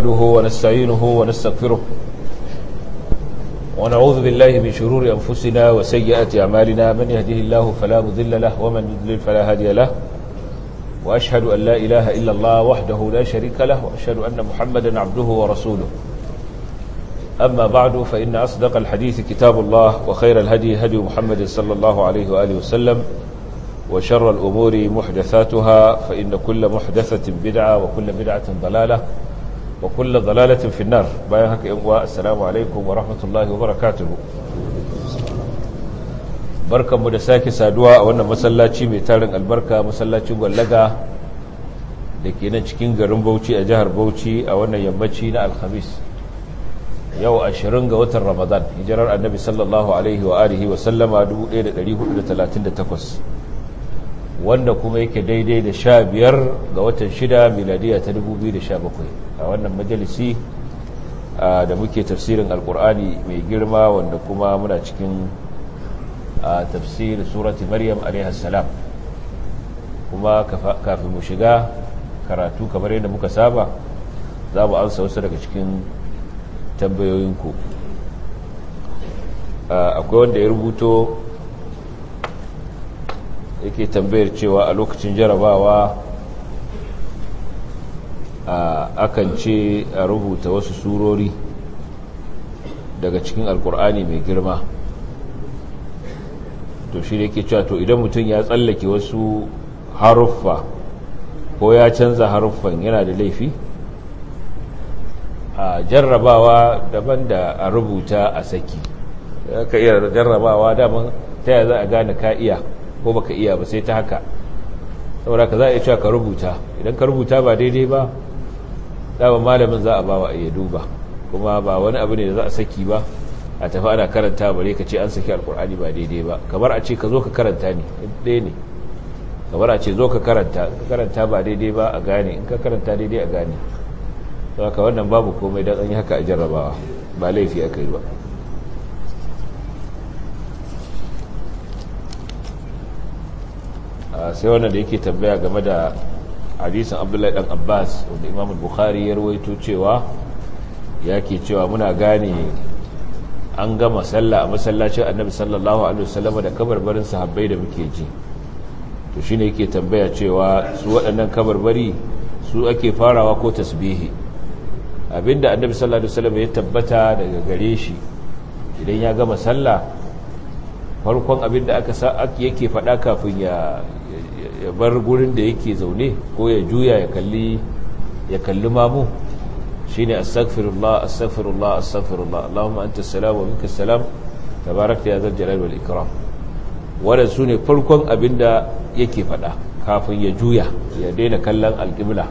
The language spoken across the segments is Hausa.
نحمده ونستعينه ونستغفره ونعوذ بالله من شرور أنفسنا وسيئات أعمالنا من يهده الله فلا مضل له ومن يضلل فلا هادي له وأشهد أن لا إله إلا الله وحده لا شريك له وأشهد أن محمدا عبده ورسوله أما بعد فإن أصدق الحديث كتاب الله وخير الهدي هدي محمد صلى الله عليه وآله وسلم وشر الأمور محدثاتها فإن كل محدثة بدعة وكل بدعة ضلالة wa kulla dalalatin finnar bayan haka yan uwa assalamu alaikum wa rahmatullahi wa barakatuhu barkanmu da sake saduwa a wannan masallaci mai tarin albarka masallacin gwallaga da ke nan cikin garin Bauchi a jihar Bauchi a wannan yammaci na alhamis yau 20 ga watan Ramadan hijirar annabi sallallahu alaihi wa alihi wa sallama 1438 wanda kuma yake daidai da sha biyar ga watan shida miladiya ta da sha bakwai a wannan majalisi da muke tafsirin alkur'ani mai girma wanda kuma muna cikin tafsir surati maryam salam kuma kafin mu shiga karatu kamar yadda muka saba za mu ansa wasu daga cikin tambayoyinku akwai wanda ya rubuto yake tambayar cewa a lokacin jarabawa akan ce a rubuta wasu surori daga cikin alkur'ani mai girma to shi ne ke cewa to idan mutum ya tsallake wasu haruffa ko ya canza haruffan yana da laifi a jarrabawa daban da a rubuta a saki ka iya jarrabawa daban ta yi za a gane ka iya ko baka iya ba sai ta haka saboda ka za a iya cewa ka rubuta idan ka rubuta ba daidai ba dama malamin za a ba wa iya duba kuma ba wani abu ne da za a saki ba a tafi ana karanta bare ka ce an saki alkur'ani ba daidai ba kamar a ce ka zo ka karanta ne ɗaya ne kamar a ce zo ka karanta ka karanta ba daidai ba a gane in ka karanta daidai a gane saboda wannan babu komai don an yi haka a jarrabawa ba laifi aka yi ba sai wannan da yake tambaya game da hadisin abdullahi dan abbas wanda imam bukhari ya rawaito cewa yake cewa muna gane an gama sallah a masallacin annabi sallallahu alaihi wasallam da kabarbarin sahabbai da muke ji to shine yake tambaya cewa su waɗannan kabarbari su ake farawa ko tasbihi abinda annabi sallallahu alaihi wasallam ya tabbata daga gare shi idan ya gama sallah farkon abinda aka sa yake faɗa kafin ya ya bar gurin da yake zaune ko ya juya ya kalli ya kalli mamu shine astaghfirullah astaghfirullah astaghfirullah allahumma anta salamu wa minka salam tabarakta ya zal jalal wal ikram wannan sune farkon abinda yake fada kafin ya juya ya daina kallon alqibla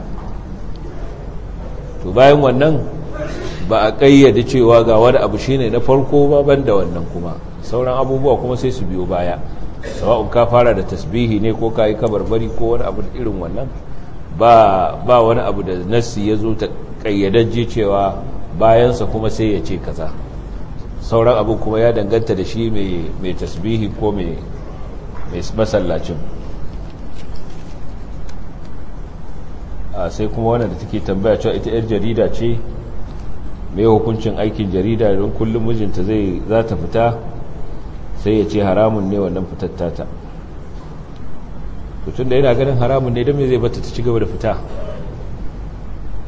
to bayan wannan ba a kayyade cewa ga wani abu shine na farko ba banda wannan kuma sauran abubuwa kuma sai su biyo baya sawa'un ka fara da tasbihi ne ko ka yi kabarbari ko wani abu irin wannan ba wani abu da nassi ya zo ta kayyadajje cewa bayansa kuma sai ya ce kaza sauran abu kuma ya danganta da shi mai tasbihi ko mai masallacin sai kuma wannan da take tambaya cewa ita 'yar jarida ce mai hukuncin aikin jarida don kullum mijinta zai za ta fita sai ya ce haramun ne wannan fitattata mutum da yana ganin haramun ne don mai zai bata ta ci gaba da fita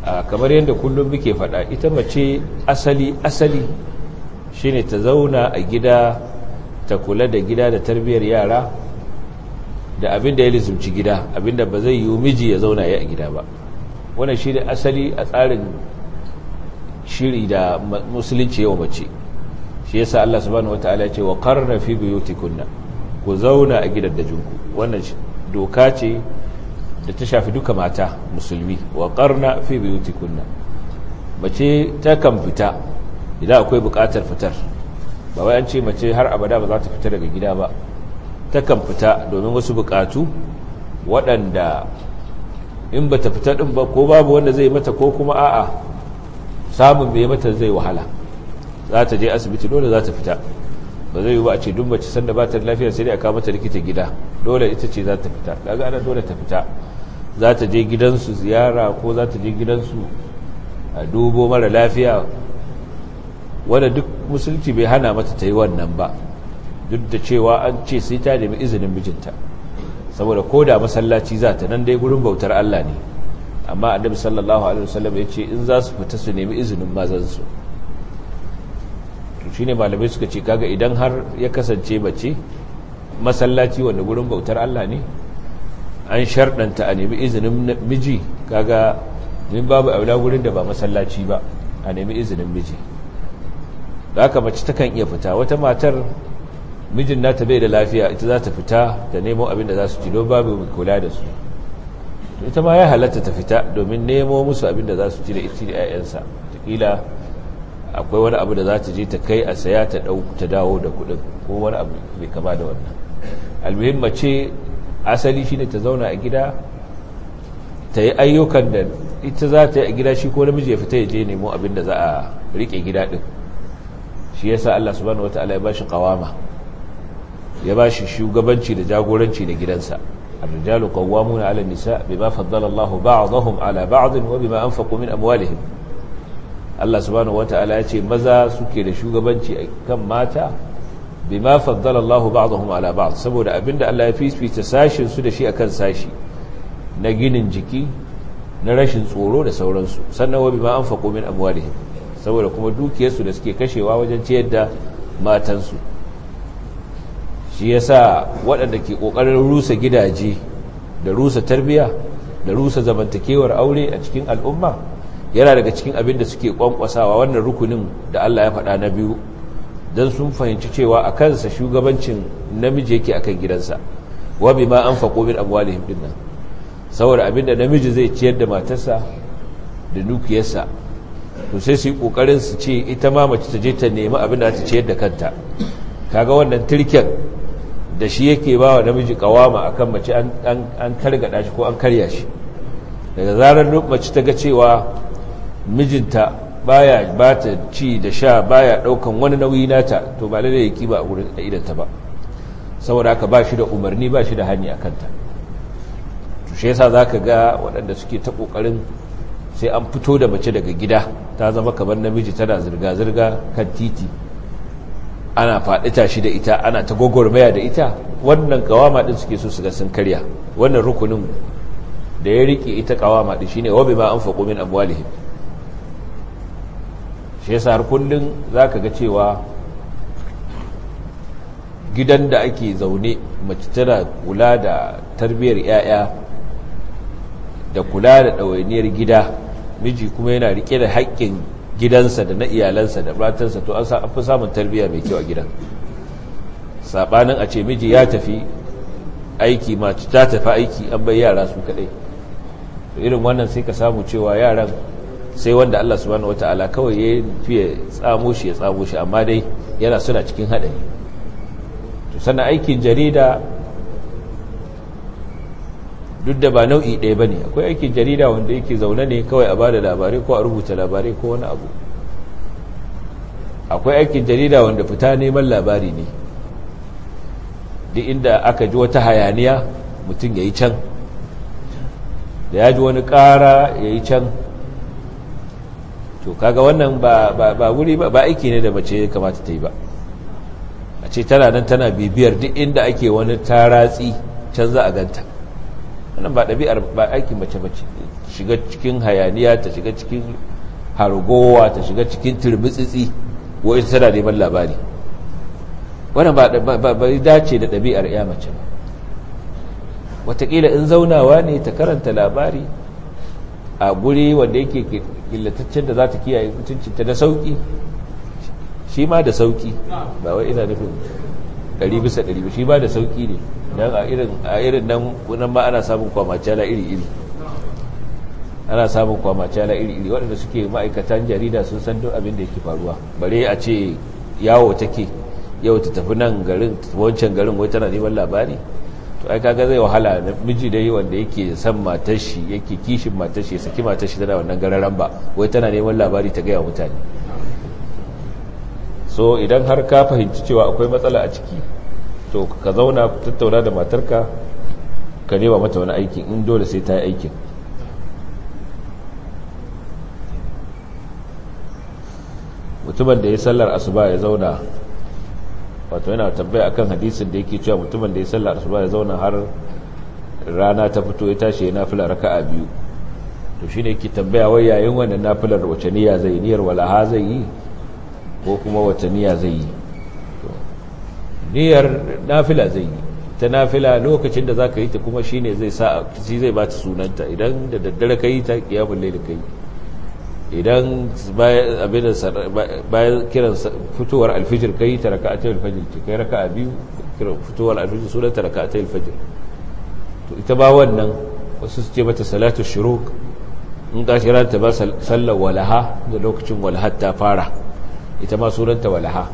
a kamar yadda kullum muke faɗa ita mace asali asali shine ta zauna a gida ta kula da gida da tarbiyyar yara da abin da ya lizumci gida abin da ba zai yi miji ya zauna ya a gida ba wannan shi asali a tsarin shiri da musulunci yawa mace shi ya sa Allah subhanahu ta'ala ya ce wa karna fi buyutikunna ku zauna a gidajenku wannan doka ce da ta shafi duka mata musulmi wa karna fi buyutikunna mace ta kan fita idan akwai bukatar fitar ba wai an ce mace har abada ba za ta fita daga gida ba ta kan fita domin wasu bukatu waɗanda in ba ta fita ɗin ba ko babu wanda zai mata ko kuma a'a samun bai mata zai wahala za ta je asibiti dole za ta fita ba zai yi ba a ce dumba ci sanda ba ta lafiya sai dai a kama likita gida dole ita ce za ta fita daga ana dole ta fita za ta je gidansu ziyara ko za ta je gidansu a dubo mara lafiya wadda duk musulci bai hana mata ta yi wannan ba duk da cewa an ce sai ta nemi izinin mijinta saboda ko da masallaci za ta nan dai gurin bautar Allah ne amma annabi sallallahu alaihi wasallam ya ce in za su fita su nemi izinin mazansu ne malamai suka ce kaga idan har ya kasance bace masallaci wanda gurin bautar Allah ne an sharɗanta a nemi izinin miji kaga min babu aula gurin da ba masallaci ba a nemi izinin miji da aka mace takan iya fita wata matar mijin nata bai da lafiya ita za ta fita da nemo abin da za su ci don babu mai kula da su ita ma ya halatta ta fita domin nemo musu abin da za su ci da ita da 'ya'yansa ta akwai wani abu da za ta je ta kai a saya ta dawo da kudin ko wani abu mai kama da wannan almuhim ce asali shine ta zauna a gida ta yi ayyukan da ita za ta yi a gida shi ko namiji ya fita ya je nemo abin da za a riƙe gida din shi yasa Allah subhanahu ta'ala) ya bashi kawama ya bashi shugabanci da jagoranci da gidansa الرجال قوامون على النساء بما فضل الله بعضهم على بعض وبما أنفقوا من أموالهم Allah subhanahu wata'ala ya ce maza suke da shugabanci kan mata bima faddala Allah ba'dahum ala ba'd saboda abinda Allah ya fifita sashin su da shi akan sashi na ginin jiki na rashin tsoro da sauransu sannan wa bima anfaqu min amwalihim saboda kuma dukiyarsu da suke kashewa wajen ciyar da matansu shi yasa waɗanda ke ƙoƙarin rusa gidaje da rusa tarbiya da rusa zamantakewar aure a cikin al'umma yana daga cikin abin da suke kwankwasawa wannan rukunin da Allah ya faɗa na biyu don sun fahimci cewa a kansa shugabancin namiji yake a kan gidansa wa an faƙo min amwalihim nan saboda abin da namiji zai ciyar da matarsa da nukiyarsa to sai su yi kokarin su ce ita ma mace ta je ta nemi abin da ta ciyar da kanta kaga wannan tirken da shi yake ba wa namiji kawama kan mace an karga shi ko an karya shi daga zarar mace ta ga cewa mijinta baya bata ci da sha baya daukan wani nauyi nata to ba lalle yake ba a gurin a ta ba saboda haka ba shi da umarni ba shi da hani akanta ta to shi yasa zaka ga waɗanda suke ta kokarin sai an fito da mace daga gida ta zama kamar namiji tana zirga zirga kan titi ana faɗi shi da ita ana ta gogormaya da ita wannan kawama din suke so su ga sun karya wannan rukunin da ya rike ita kawama din shine wabi ma anfaqu min amwalihim shi yasa har kullum zaka ga cewa gidan da ake zaune mace tana kula da tarbiyyar yaya da kula da ɗawainiyar gida miji kuma yana rike da haƙƙin gidansa da na iyalansa da matansa to an fi samun tarbiyya mai kyau a gidan sabanin a ce miji ya tafi aiki mace ta tafi aiki an bai yara su kaɗai irin wannan sai ka samu cewa yaran sai wanda Allah wata ala kawai ya fiye tsamo shi ya tsamo shi amma dai yana suna cikin haɗari to sannan aikin jarida duk da ba nau'i ɗaya ba ne akwai aikin jarida wanda yake zaune ne kawai a bada labarai ko a rubuta labarai ko wani abu akwai aikin jarida wanda fita neman labari ne duk inda aka ji wata hayaniya mutum ya yi can da ya ji wani ƙara ya yi can to kaga wannan ba wuri ba ba aiki ne da mace ya kamata ta yi ba a ce tana nan tana bibiyar duk inda ake wani taratsi can za a ganta wannan ba ɗabi'ar ba aiki mace mace shiga cikin hayaniya ta shiga cikin hargowa ta shiga cikin turbitsitsi ko ita tana neman labari wannan ba bai dace da ɗabi'ar ya mace ba wataƙila in zaunawa ne ta karanta labari a guri wanda yake gillataccen da za ta kiyaye mutuncinta da sauƙi shi ma da sauƙi ba wai ina nufin ɗari bisa ɗari ba shi ma da sauƙi ne don a irin nan ma ana samun kwamaciyala iri-iri ana samun kwamaciyala iri-iri waɗanda suke ma'aikatan jarida sun san duk abin da yake faruwa bare a ce yawo take yau ta tafi nan garin wancan garin wai tana neman labari ai kaga zai wahala miji yi wanda yake san matashi yake kishin matashi saki matar tana wannan gararan ba wai tana neman labari ta gaya mutane so idan har ka fahimci cewa akwai matsala a ciki to ka zauna ku tattauna da matarka ka nema mata wani aikin in dole sai ta yi aikin mutumin da ya sallar asuba ya zauna wato yana a akan hadisin da yake cewa mutumin da ya sallar ba ya zauna har rana ta fito ya tashi ya nafila raka'a biyu to shine yake tambaya wai yayin wannan nafilar wace niyya zai niyyar walaha zai yi ko kuma wace niyya zai yi niyyar nafila zai yi ta nafila lokacin da zaka yi ta kuma shine zai sa shi zai ba ta sunanta idan da daddare kai ta kiyamul layl kai idan bayan kiran fitowar alfijir kai ta raka ta alfijir ce kai raka biyu kiran fitowar alfijir sunan ta raka ta alfijir to ita ba wannan wasu su ce mata salatu shuruk in kashi ran ta ba sallar walaha da lokacin walahar ta fara ita ma sunanta walaha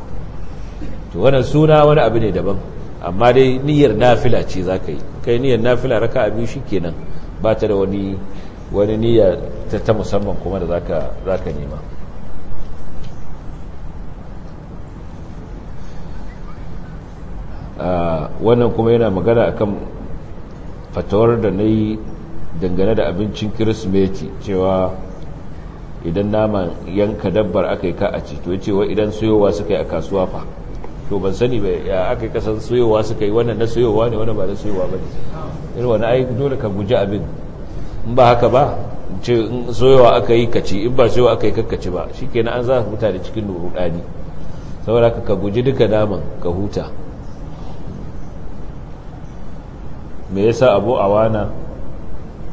to wannan suna wani abu ne daban amma dai niyyar nafila ce za ka yi kai niyyar nafila raka a biyu shi kenan ba ta da wani wani niyya ta musamman kuma da za ka nema ah, wannan kuma yana magana akan fatawar da na yi dangane da abincin kirismeti cewa idan naman yanka dabbar aka yi ka a ce to cewa idan soyowa suka yi a kasuwa fa to ban sani ba ya aka yi kasan soyowa suka yi wannan na soyowa ne wannan ba na soyowa ba ne irin wani ai dole ka guji abin in ba haka ba ce soyawa aka yi kaci in ba soyawa aka yi kakaci ba shi kenan an za huta da cikin rudani saboda ka ka guji duka naman ka huta me yasa abu a wana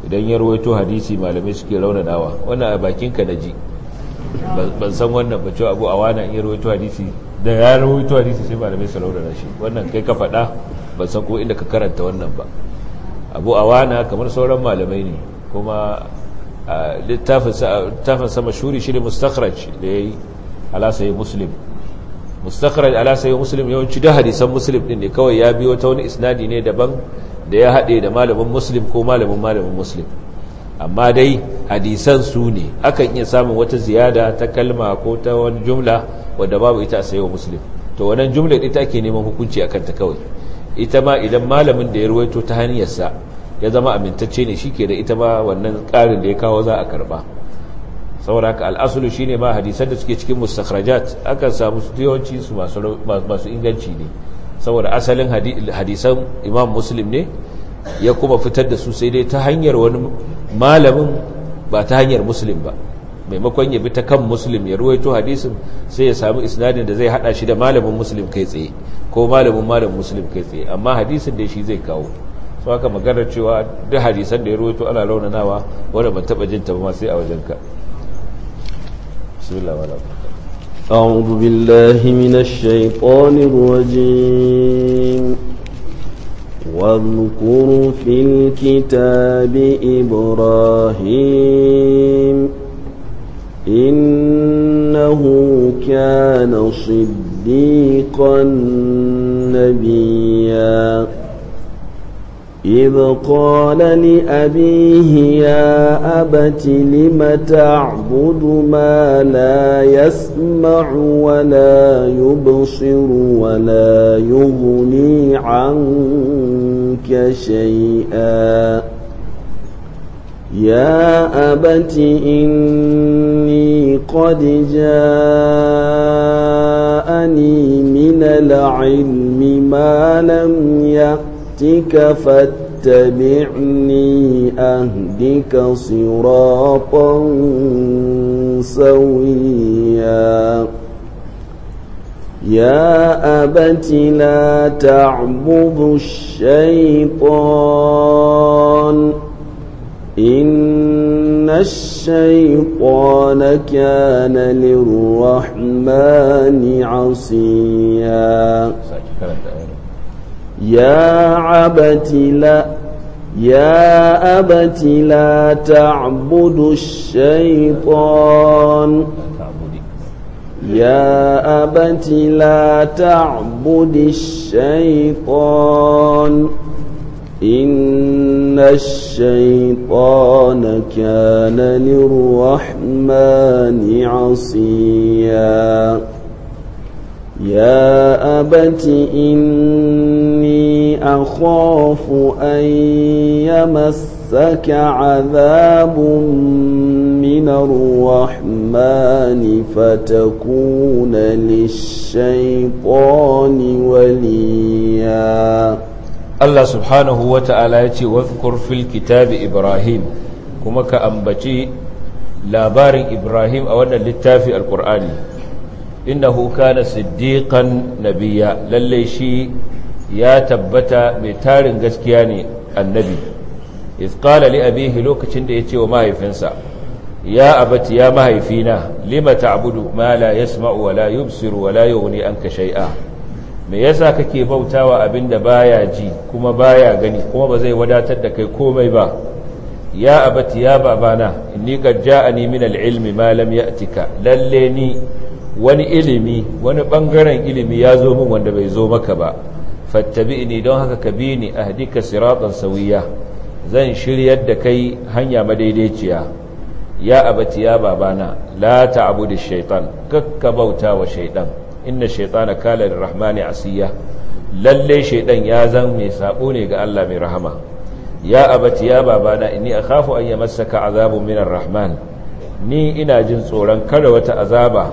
idan ya rawaito hadisi malamai suke dawa wannan a bakinka na ji ban san wannan ba cewa abu a wana in ya rawaito hadisi da ya rawaito hadisi sai malamai su da shi wannan kai ka faɗa ban san ko inda ka karanta wannan ba abu a wana kamar sauran malamai ne kuma littafin sama shuri shi ne mustakhraj da ya yi alasayi muslim mustakhraj alasayi muslim yawanci da hadisan muslim ɗin ne kawai ya biyo ta wani isnadi ne daban da ya haɗe da malamin muslim ko malamin malamin muslim amma dai hadisan su ne akan iya samun wata ziyada ta kalma ko ta wani jumla wadda babu ita a sayo muslim to wannan jumla ita ake neman hukunci akan ta kawai ita ma idan malamin da ya ruwaito ta hanyarsa ya zama amintacce ne ke da ita ba wannan ƙarin da ya kawo za a karba saboda haka al'asulu shine ma hadisan da suke cikin mustakhrajat aka samu su yawanci su masu inganci ne saboda asalin hadisan imam muslim ne ya kuma fitar da su sai dai ta hanyar wani malamin ba ta hanyar muslim ba maimakon ya bi ta kan muslim ya ruwaito hadisin sai ya samu isnadin da zai hada shi da malamin muslim kai tsaye ko malamin malamin muslim kai tsaye amma hadisin da shi zai kawo su haka magana cewa da hadisan da ya ruwaito ana nawa wadda ban taba jin ta masu yi a wajenka bismillah wala أعوذ بالله من الشيطان واذكر في الكتاب إبراهيم إنه كان صديقا نبيا إذ قال لأبيه يا أبت لم تعبد ما لا يسمع ولا يبصر ولا يغني عنك شيئا يا أبت إني قد جاءني من العلم ما لم يكن ربك فاتبعني أهدك صراطا سويا يا أبت لا تعبد الشيطان إن الشيطان كان للرحمن عصيا يا عبت لا يا أبت لا تعبد الشيطان يا أبت لا تعبد الشيطان إن الشيطان كان للرحمن عصيا يا أبت إن أخاف أن يمسك عذاب من الرحمن فتكون للشيطان وليا الله سبحانه وتعالى واذكر في الكتاب إبراهيم كما كأنبتي labarin Ibrahim a wannan littafi alkur'ani innahu kana siddiqan nabiyya lalle shi ya tabbata mai tarin gaskiya ne annabi isqala li abihi lokacin da ya ce wa mahaifinsa ya abati ya mahaifina lima ta'budu ma la yasma'u wa la yubsiru wa la yughni anka shay'a me yasa kake bautawa abinda baya ji kuma baya gani kuma ba zai wadatar da kai komai ba ya abati ya babana inni qad ja'ani min al-ilmi ma lam ya'tika lalle ni wani ilimi wani bangaren ilimi ya zo min wanda bai zo maka ba fattabi'ni don haka ka bi ni ahdika siratan sawiya zan shiryar da kai hanya madaidaiciya ya abati ya babana la ta'budu shaytan kakka bauta wa shaytan inna shaytana kala lirrahmani asiya lalle shaytan ya zan mai sabo ne ga Allah mai rahama ya abati ya babana inni akhafu an yamassaka azabun minar rahman ni ina jin tsoron kada wata azaba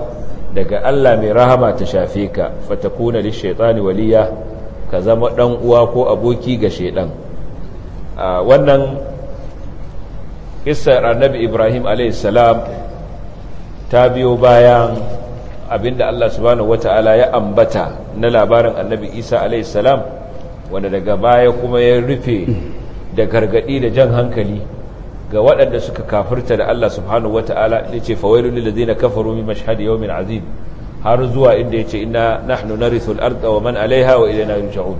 daga Allah mai rahama ta shafe ka fatakuna lishaytani waliya ka zama ɗan uwa ko aboki ga shaidan wannan ƙisar annabi ibrahim alaihissalam ta biyo bayan abinda allah subhanahu wata'ala ya ambata na labarin annabi isa alaihissalam wanda daga baya kuma ya rufe da gargadi da jan hankali ga waɗanda suka kafirta da allah subhanahu wata'ala ya ce fawailu lillazina kafaru min azim har zuwa inda ya yace inna nahnu na al-ardha wa man 'alayha wa ilayna yurja'un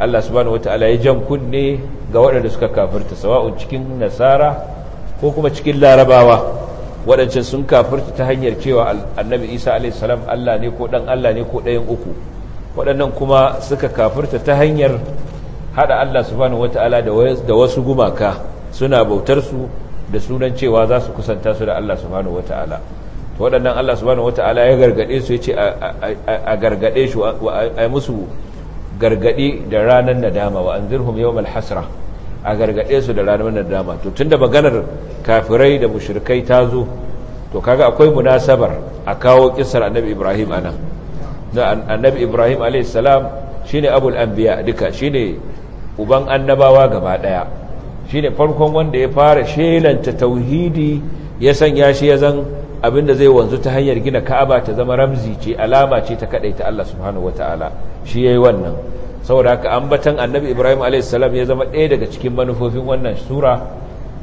Allah subhanahu wata'ala ya jan kunne ga waɗanda suka kafirta sawa'un cikin nasara ko kuma cikin larabawa waɗancan sun kafirta ta hanyar cewa annabi Isa alayhi salam Allah ne ko dan Allah ne ko ɗayan uku waɗannan kuma suka kafirta ta hanyar hada Allah subhanahu da wasu gumaka suna bautar su da sunan cewa za su kusanta su da Allah subhanahu to waɗannan Allah subhanahu wata'ala ya gargaɗe su ce a gargaɗe shi a musu gargaɗe da ranar nadama wa anzirhum yawmal hasra a gargaɗe su da ranar nadama to tunda maganar kafirai da mushrikai ta zo to kaga akwai munasabar a kawo kissar annabi Ibrahim anan annabi Ibrahim alayhi salam shine abul anbiya duka shine uban annabawa gaba daya shine farkon wanda ya fara shelanta tauhidi ya sanya shi ya zan abinda zai wanzu ta hanyar gina ka'aba ta zama ramzi ce alama ce ta kadaita Allah subhanahu wataala shi yayi wannan saboda haka ambatan annabi Ibrahim alayhi salam ya zama ɗaya daga cikin manufofin wannan sura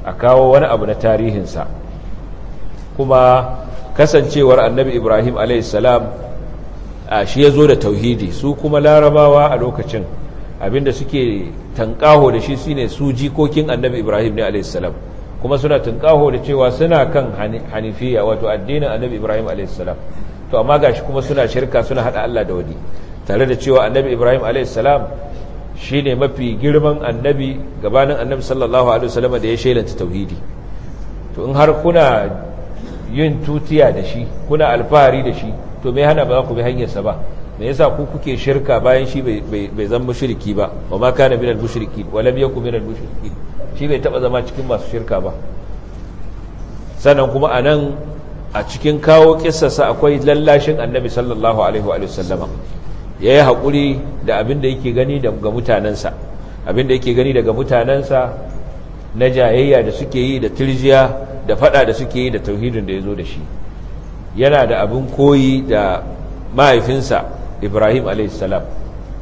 a kawo wani abu na tarihin sa kuma kasancewar annabi Ibrahim alayhi salam shi ya zo da tauhidi su kuma larabawa a lokacin abinda suke tankaho da shi shine su jikokin annabi Ibrahim ne alayhi salam kuma suna tunƙaho da cewa suna kan hanifiya wato addinin annabi ibrahim a.s. to amma gashi kuma suna shirka suna haɗa allah da wani tare da cewa annabi ibrahim a.s. shi ne mafi girman annabi gabanin annabi sallallahu alaihi wasallam da ya shelanta tauhidi to in har kuna yin tutiya da shi kuna alfahari da shi to me hana ba za ku bi hanyarsa ba me yasa ku kuke shirka bayan shi bai zan mushriki ba wa ma kana minal mushriki wa lam yakun minal mushriki shi bai taba zama cikin masu shirka ba sannan kuma anan a cikin kawo kissarsa akwai lallashin annabi sallallahu alaihi wa sallama yayi hakuri da abin da yake gani daga mutanansa abin da yake gani daga mutanansa na jayayya da suke yi da tirjiya da fada da suke yi da tauhidin da yazo da shi yana da abin koyi da mahaifinsa ibrahim alaihissalam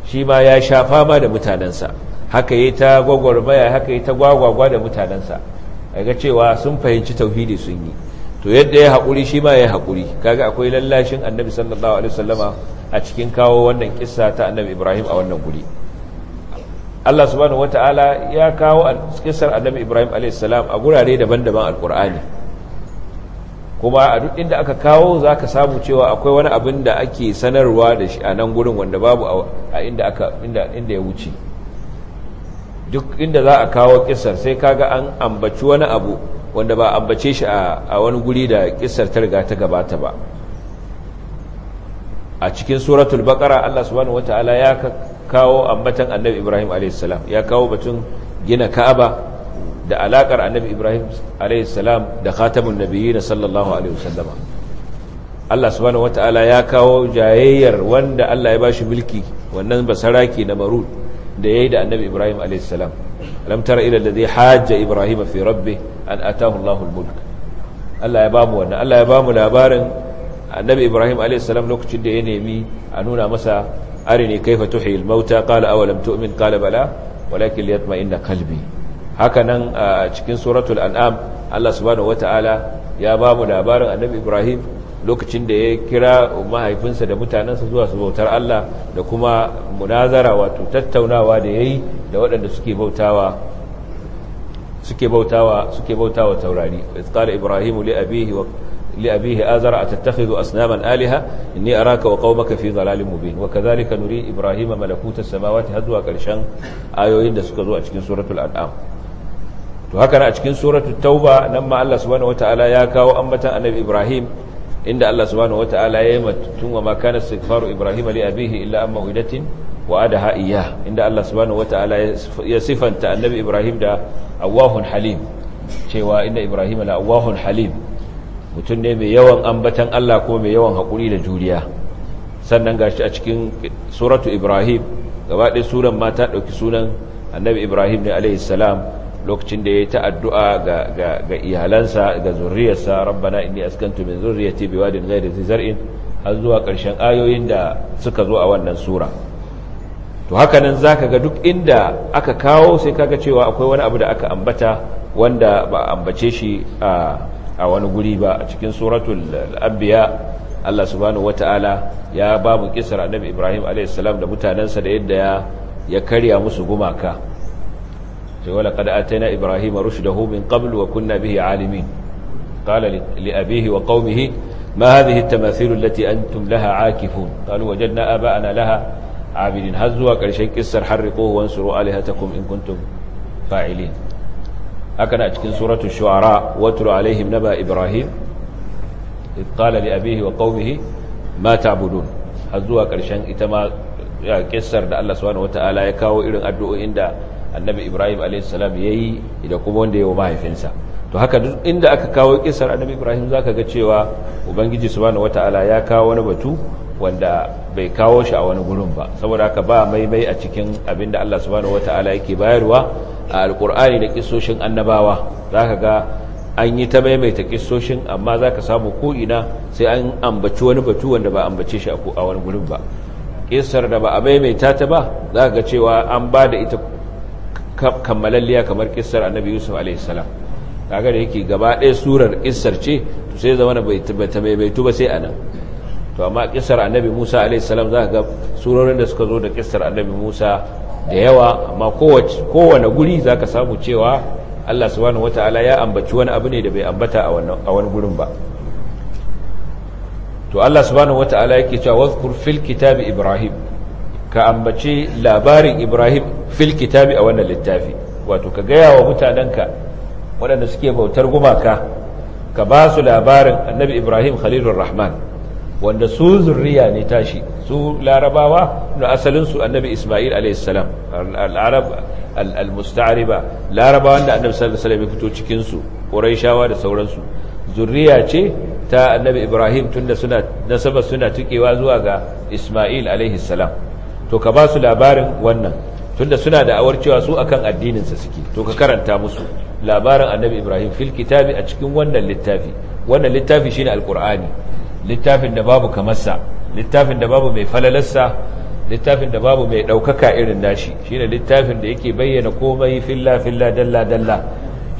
shi ma ya sha fama da mutanensa haka yi ta gwagwarmaya haka yi ta gwagwagwa da mutanensa a ga cewa sun fahimci tauhidi sun yi to yadda ya haƙuri shi ma ya haƙuri kaga akwai lallashin annabi sallallahu alaihi wasallama a cikin kawo wannan kissa ta annabi ibrahim a wannan guri Allah subhanahu wataala ya kawo kissar annabi ibrahim alaihi salam a gurare daban-daban alqur'ani kuma a duk inda aka kawo za ka samu cewa akwai wani abin da ake sanarwa da shi a nan gudun wanda babu a inda ya wuce duk inda za a kawo kisar sai kaga an ambaci wani abu wanda ba ambace shi a wani guri da kisar ta riga ta gabata ba a cikin suratul bakara Allah subhanahu wataala ya kawo ambatan annabi Ibrahim alayhis ya kawo batun gina Ka'aba da alaƙar annabi ibrahim alaihissalam da khatamun nabiyyi na sallallahu alaihi wasallama allah subhanahu wata'ala ya kawo jayayyar wanda allah ya bashi mulki wannan basaraki na marud da yayi da annabi ibrahim alaihissalam lam tara ila alladhi hajja ibrahim fi rabbi an atahu allah almulk allah ya bamu wannan allah ya bamu labarin annabi ibrahim alaihissalam lokacin da ya nemi a nuna masa arini kaifa tuhi mauta qala awalam tu'min qala bala walakin liyatma'inna qalbi hakanan a cikin suratul an'am Allah subhanahu wataala ya ba mu labarin annabi Ibrahim lokacin da ya kira mahaifinsa da mutanensa zuwa su bautar Allah da kuma munazara wato tattaunawa da yayi da waɗanda suke bautawa suke bautawa suke bautawa taurari qala ibrahim li abihi wa li abihi azara atattakhidhu asnaman alaha inni araka wa qaumaka fi dhalalin mubin wa kadhalika nuri ibrahima malakuta samawati hadwa karshen ayoyin da suka zo a cikin suratul an'am to haka na a cikin suratul tauba nan ma Allah subhanahu wataala ya kawo ambatan annabi Ibrahim inda Allah subhanahu wataala ya matun wa ma kana istighfaru Ibrahim li abihi illa amma uidatin wa adaha iyyah inda Allah subhanahu wataala ya sifanta annabi Ibrahim da awahun halim cewa inda Ibrahim la awahun halim mutum ne mai yawan ambatan Allah ko mai yawan hakuri da juriya sannan gashi a cikin suratu Ibrahim gaba ɗaya suran ma ta ɗauki sunan annabi Ibrahim ne alaihi salam lokacin da ya ta addu'a ga iyalansa ga zurriyarsa rabbana inni askantu min zurriyati zai ghairi zar'in har zuwa ƙarshen ayoyin da suka zo a wannan sura to haka nan za ka ga duk inda aka kawo sai kaga cewa akwai wani abu da aka ambata wanda ba a ambace shi a wani guri ba a cikin suratul Allah subhanahu wata'ala ya babu kisar annabi Ibrahim alayhi da mutanensa da yadda ya karya musu gumaka ce wala qad atayna da rushdahu min qablu wa kunna bihi alimin qala li abihi wa qaumihi ma hadhihi at-tamathil allati antum laha aakifun qalu wajadna aba'ana laha abidin har zuwa ƙarshen kissar harriquhu wansuru alihatakum in kuntum fa'ilin haka na cikin suratul shu'ara watlu alaihim naba ibrahim إذ قال لأبيه وقومه ما تعبدون هزوا كرشان إتما كسر دا الله سبحانه وتعالى يكاو إرن أدعو إن annabi ibrahim a.s. ya yi da kuma wanda ya wa mahaifinsa to haka duk inda aka kawo kisar annabi ibrahim za ka ga cewa ubangiji subhanahu wata'ala ya kawo wani batu wanda bai kawo shi a wani gurin ba saboda haka ba maimai a cikin abin da allah subhanahu wata'ala yake bayarwa a alkur'ani da kisoshin annabawa za ka ga an yi ta maimaita kisoshin amma za ka samu ko'ina sai an ambaci wani batu wanda ba ambace shi a wani gurin ba kisar da ba a maimaita ta ba za ka ga cewa an ba da ita kammalalliya kamar kissar annabi yusuf alaihissalam kaga da yake gaba ɗaya surar kissar ce to sai zama na bai tabbaitu ba sai anan to amma kissar annabi musa alaihissalam za ga surorin da suka zo da kissar annabi musa da yawa amma kowane guri za ka samu cewa allah subhanahu wata'ala ya ambaci wani abu ne da bai ambata a wani gurin ba to allah subhanahu wata'ala yake cewa wazkur fil kitabi ibrahim ka ambaci labarin ibrahim fil kitabi a wannan littafi wato ka gaya wa mutanenka waɗanda suke bautar gumaka ka ba su labarin annabi ibrahim khalilur rahman wanda su zurriya ne tashi su larabawa na asalinsu annabi ismail alaihissalam al-musta'ariba larabawan da annabi sallallahu ya fito cikin su quraishawa da sauransu zurriya ce ta annabi ibrahim tunda suna nasaba suna tukewa zuwa ga ismail alaihissalam to ka ba su labarin wannan tunda suna da awar cewa su akan addininsa suke to ka karanta musu labarin annabi ibrahim fil kitabi a cikin wannan littafi wannan littafi shine alqur'ani littafin da babu kamarsa littafin da babu mai falalarsa littafin da babu mai daukaka irin nashi shine littafin da yake bayyana komai filla filla dalla dalla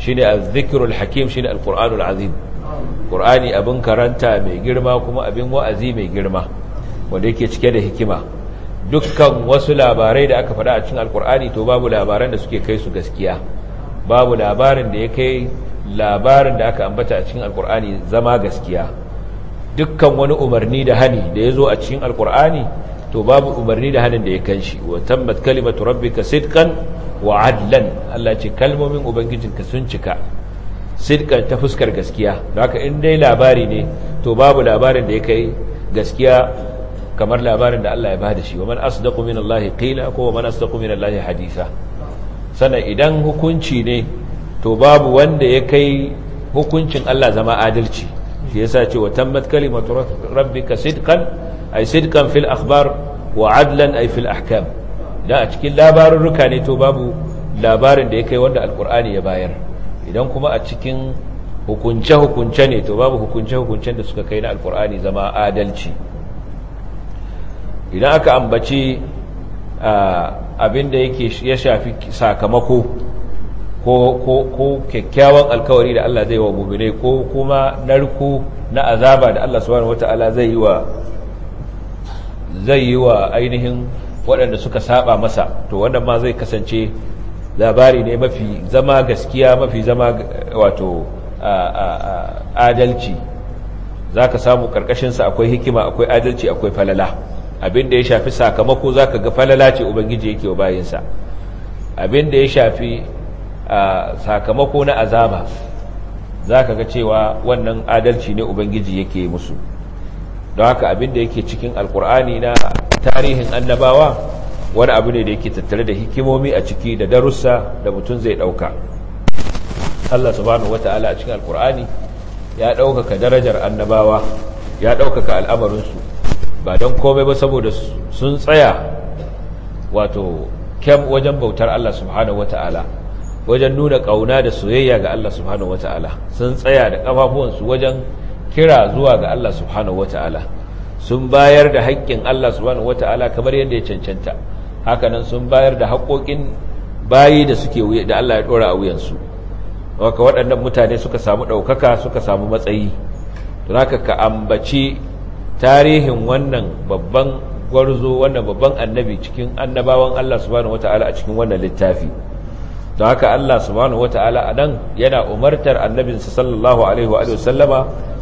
shine az-zikrul hakim shine alqur'anul azim qur'ani abin karanta mai girma kuma abin wa'azi mai girma wanda yake cike da hikima dukkan wasu labarai da aka faɗa a cikin alkur'ani to babu labaran da suke kai su gaskiya babu labarin da ya kai labarin da aka ambata a cikin alkur'ani zama gaskiya dukkan wani umarni da hani da ya zo a cikin alkur'ani to babu umarni da hanin da ya kan shi wa tambat kalimatu rabbika sidqan wa adlan Allah ce kalmomin ubangijinka sun cika sidqan ta fuskar gaskiya don haka in dai labari ne to babu labarin da ya kai gaskiya kamar labarin da Allah ya bada shi wa man asdaqu min Allah qila ko wa man asdaqu min Allah haditha idan hukunci ne to babu wanda ya kai hukuncin Allah zama adalci shi yasa ce wa tammat kalimatu rabbika sidqan ay sidqan fil akhbar wa adlan ay fil ahkam da a cikin labarurruka ne to babu labarin da ya kai wanda alqur'ani ya bayar idan kuma a cikin hukunce-hukunce ne to babu hukunce-hukuncen da suka kai na alkur'ani zama adalci idan aka ambaci abinda yake ya shafi sakamako ko kyakkyawan alkawari da Allah zai wa muminai ko kuma narko na azaba da Allah subhanahu wata'ala zai wa zai yi wa ainihin waɗanda suka saba masa to wannan ma zai kasance labari ne mafi zama gaskiya mafi zama wato adalci za ka samu ƙarƙashinsa akwai hikima akwai adalci akwai falala abin da ya shafi sakamako za ka ga falala ce ubangiji yake wa bayinsa abin da ya shafi sakamako na azaba za ka ga cewa wannan adalci ne ubangiji yake musu don haka abin da yake cikin alkur'ani na tarihin annabawa wani abu ne da yake tattare da hikimomi a ciki da darussa da mutum zai ɗauka allah subhanahu wata'ala a cikin alkur'ani ya ɗaukaka darajar annabawa ya ɗaukaka al'amarinsu ba don komai ba saboda sun tsaya wato kem wajen bautar Allah subhanahu wata'ala wajen nuna kauna da soyayya ga Allah subhanahu wata'ala sun tsaya da kafafuwansu wajen kira zuwa ga Allah subhanahu wata'ala sun bayar da haƙƙin Allah subhanahu wata'ala kamar yadda ya cancanta hakanan sun bayar da haƙoƙin bayi da suke da Allah ya dora a wuyansu waka waɗannan mutane suka samu ɗaukaka suka samu matsayi don haka ka ambaci tarihin wannan babban gwarzo wannan babban annabi cikin annabawan Allah subhanahu wataala a cikin wannan littafi don haka Allah subhanahu wataala a nan yana umartar annabinsa sallallahu alaihi wa sallama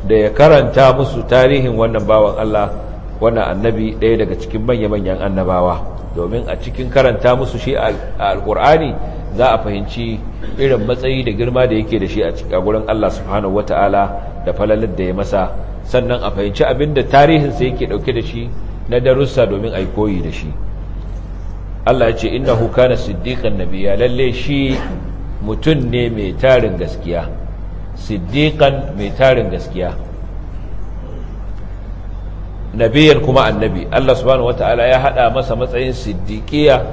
da ya karanta musu tarihin wannan bawan Allah wannan annabi ɗaya daga cikin manya-manyan annabawa domin a cikin karanta musu shi a alkur'ani za a fahimci irin matsayi da girma da yake da shi a gurin Allah subhanahu wataala da falalar da ya masa sannan a fahimci abin da tarihinsa yake ɗauke da shi na darussa domin a koyi da shi Allah ya ce inna hukana siddiƙan nabiya lalle shi mutum ne mai tarin gaskiya siddiƙan mai tarin gaskiya nabiyan kuma annabi Allah subhanahu wata'ala ya haɗa masa matsayin siddiƙiya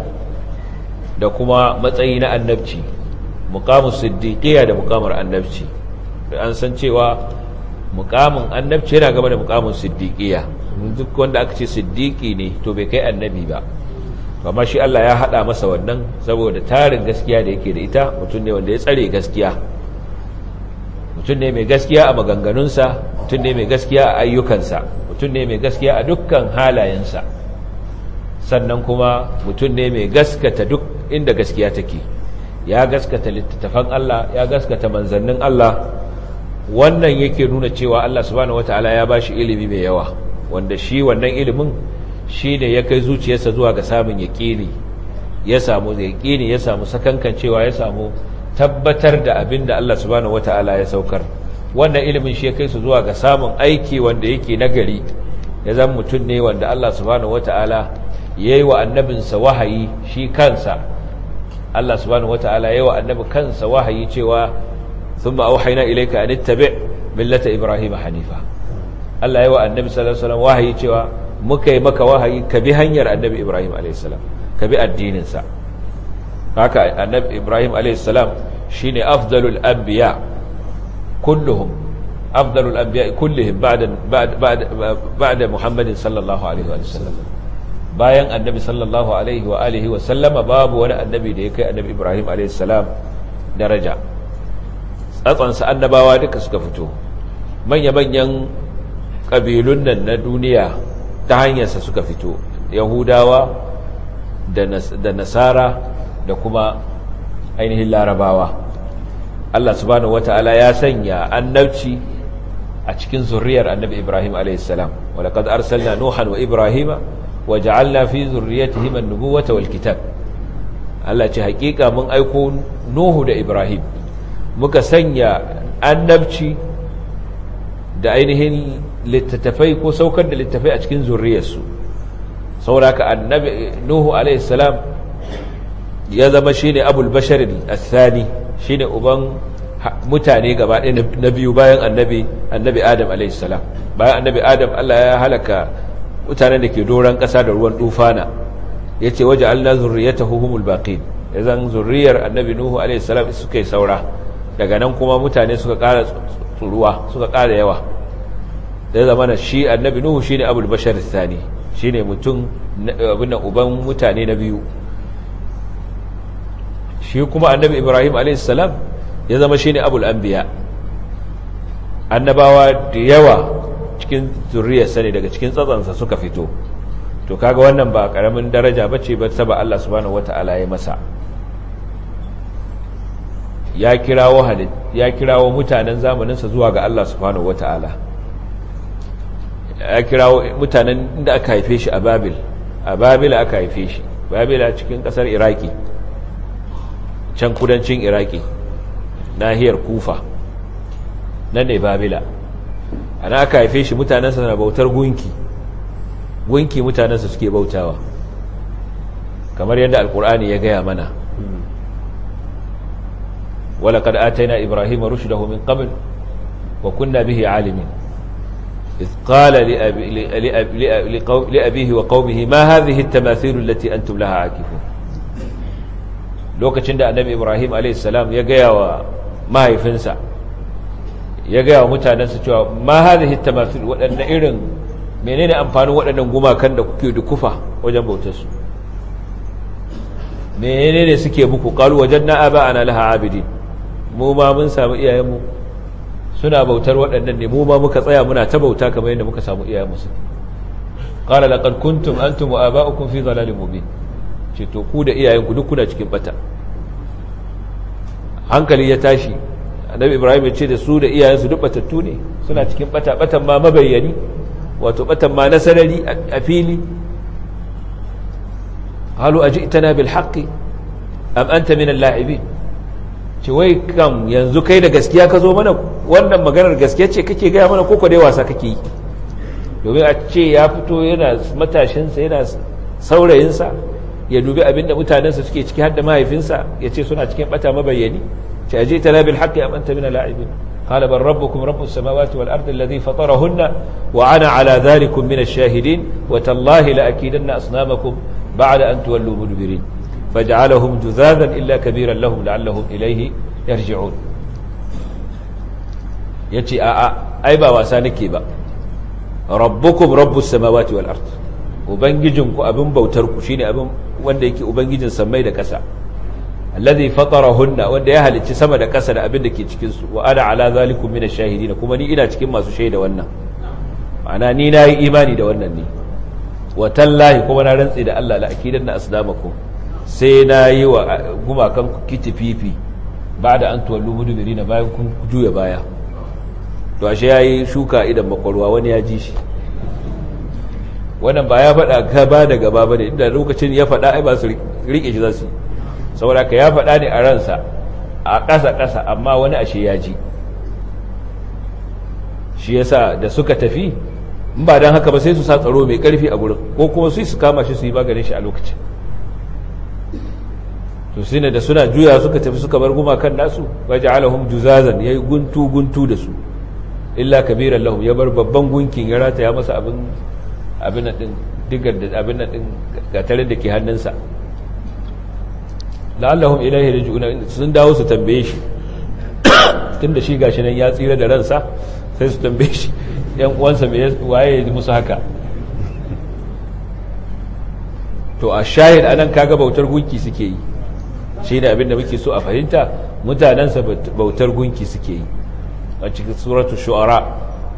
da kuma matsayi na annabci muƙamun siddiƙiya da mukamar annabci an san cewa mukamin annabci yana gaba da mukamin siddiqiya duk wanda aka ce siddiqi ne to bai kai annabi ba amma shi Allah ya haɗa masa wannan saboda tarin gaskiya da yake da ita mutum ne wanda ya tsare gaskiya mutum ne mai gaskiya a maganganunsa mutum ne mai gaskiya a ayyukansa mutum ne mai gaskiya a dukkan halayensa sannan kuma mutum ne mai gaskata duk inda gaskiya take ya gaskata littattafan Allah ya gaskata manzannin Allah wannan yake nuna cewa Allah subhanahu wataala ya bashi ilimi mai yawa wanda shi wannan ilimin shi ne ya kai zuciyarsa zuwa ga samun yaƙini ya samu yaqini ya samu cewa ya samu tabbatar da abin da Allah subhanahu wataala ya saukar wannan ilimin shi ya kai su zuwa ga samun aiki wanda yake nagari ya zan mutum ne wanda Allah subhanahu wataala ya yi wa annabinsa wahayi shi kansa Allah subhanahu wataala yayi wa annabi kansa wahayi cewa thumma auhayna ilayka an ittabi' millata ibrahima hanifa Allah ya wa annabi sallallahu alaihi wasallam wahayi cewa muka yi maka wahayi ka bi hanyar annabi ibrahim alaihi salam ka bi addinin sa haka annabi ibrahim alaihi salam shine afdalul anbiya kulluhum afdalul muhammadin sallallahu alaihi wa sallam bayan annabi sallallahu alaihi wa alihi wa sallama babu wani annabi da ya kai annabi ibrahim alaihi salam daraja tsatsonsa annabawa duka suka fito manya-manyan ƙabilun nan na duniya ta hanyarsa suka fito yahudawa da nasara da kuma ainihin larabawa Allah subhanahu wata'ala ya sanya annabci a cikin zurriyar annabi Ibrahim alaihissalam walaqad arsalna nuhan wa ibrahima wa ja'alna fi zurriyatihim himar nubuwata wal kitab Allah ce haƙiƙa mun aiko Nuhu da Ibrahim muka sanya annabci da ainihin littattafai ko saukar da littattafai a cikin zurriyarsu sauraka annabi nuhu alaihissalam ya zama shine abul bashar al-thani shine uban mutane gaba ɗaya na biyu bayan annabi annabi adam alaihissalam bayan annabi adam Allah ya halaka mutanen da ke doron ƙasa da ruwan tufana ya ce waje Allah zurriyatahu baƙi ya yazan zurriyar annabi nuhu alaihissalam suka yi saura daga nan kuma mutane suka ƙara tsuruwa suka ƙara yawa zai zama na shi annabi nuhu shi ne abul bashar sani shi ne mutum abinan uban mutane na biyu shi kuma annabi ibrahim a.s. ya zama shi ne abul anbiya annabawa da yawa cikin zurriyarsa sani daga cikin tsatsansa suka fito to kaga wannan ba ƙaramin daraja ce ba saba Allah subhanahu ala ya masa ya kirawo halin ya kirawo mutanen zamaninsa zuwa ga Allah subhanahu wata'ala ya kirawo mutanen inda aka haife shi a babil a babila aka haife shi babila cikin kasar iraki can kudancin iraki nahiyar kufa nan ne babila ana aka haife shi mutanensa na bautar gunki gunki mutanensa suke bautawa kamar yadda alkur'ani ya gaya mana ولقد آتينا إبراهيم رشده من قبل وكنا به عالمين إذ قال لأبيه وقومه ما هذه التماثيل التي أنتم لها عاكفون lokacin da annabi ibrahim a.s. ya gaya wa mahaifinsa ya gaya wa mutanensa cewa ma hadhihi tamathil waɗannan irin amfanin waɗannan gumakan da kuke dukufa wajen bautarsu menene suke muku qalu wajadna aba'ana laha abidin mu ma mun samu iyayenmu suna bautar waɗannan ne mu ma muka tsaya muna ta bauta kamar yadda muka samu iyayenmu su qala laqad kuntum antum wa aba'ukum fi dhalalin mubin ce to ku da iyayenku duk kuna cikin bata hankali ya tashi annabi ibrahim ya ce da su da iyayensu duk batattu ne suna cikin bata batan ma mabayyani wato batan ma na sarari a fili halu aji'tana bil haqqi am anta min al-la'ibin ce wai kam yanzu kai da gaskiya ka zo mana wannan maganar gaskiya ce kake gaya mana koko dai wasa kake yi domin a ce ya fito yana matashinsa yana saurayinsa ya dubi abin da mutanensa suke ciki har mahaifinsa ya ce suna cikin bata mabayyani ce aje ta labil haqqi am anta min al'ibin qala bal rabbukum rabbus samawati wal ardi alladhi fatarahunna wa ana ala dhalikum min ash-shahidin wa tallahi la akidanna asnamakum ba'da an faj'alahum juzazan illa kabiran lahum la'allahum ilayhi yarji'un yace a a ai ba wasa nake ba rabbukum rabbus samawati wal ard ubangijinku abin bautar ku shine abin wanda yake ubangijin samai da kasa alladhi hunna wanda ya halicci sama da ƙasa da abin da ke cikin su wa ana ala zalikum min ash kuma ni ina cikin masu shaida wannan ma'ana ni nayi imani da wannan ne wa kuma na rantsi da Allah la na asdamakum sai na yi wa gumakan kiti fifi ba da an tuwallo mudubiri na bayan kun juya baya to ashe ya yi shuka idan makwarwa wani ya ji shi wannan ba ya faɗa gaba da gaba ba ne inda lokacin ya faɗa ai ba su riƙe shi za su saboda ka ya faɗa ne a ransa a ƙasa-ƙasa amma wani ashe ya ji shi yasa da suka tafi in ba don haka ba sai su sa tsaro mai ƙarfi a gurin ko kuma su su kama shi su yi maganin shi a lokacin to ne da suna juya suka tafi suka bar gumakan nasu waja'alahum juzazan yayi guntu guntu da su illa kabiran lahum ya bar babban gunkin ya rataya masa abin abin din digar da abin nan din gatare da ke hannunsa la'allahum ilaihi raji'un sun dawo su tambaye shi tunda shi gashi nan ya tsira da ransa sai su tambaye shi yan uwansa me waye ya musu haka to a shahid anan kaga bautar gunki suke yi shi ne abinda muke so a fahimta mutanensa bautar gunki suke yi a cikin suratu shu'ara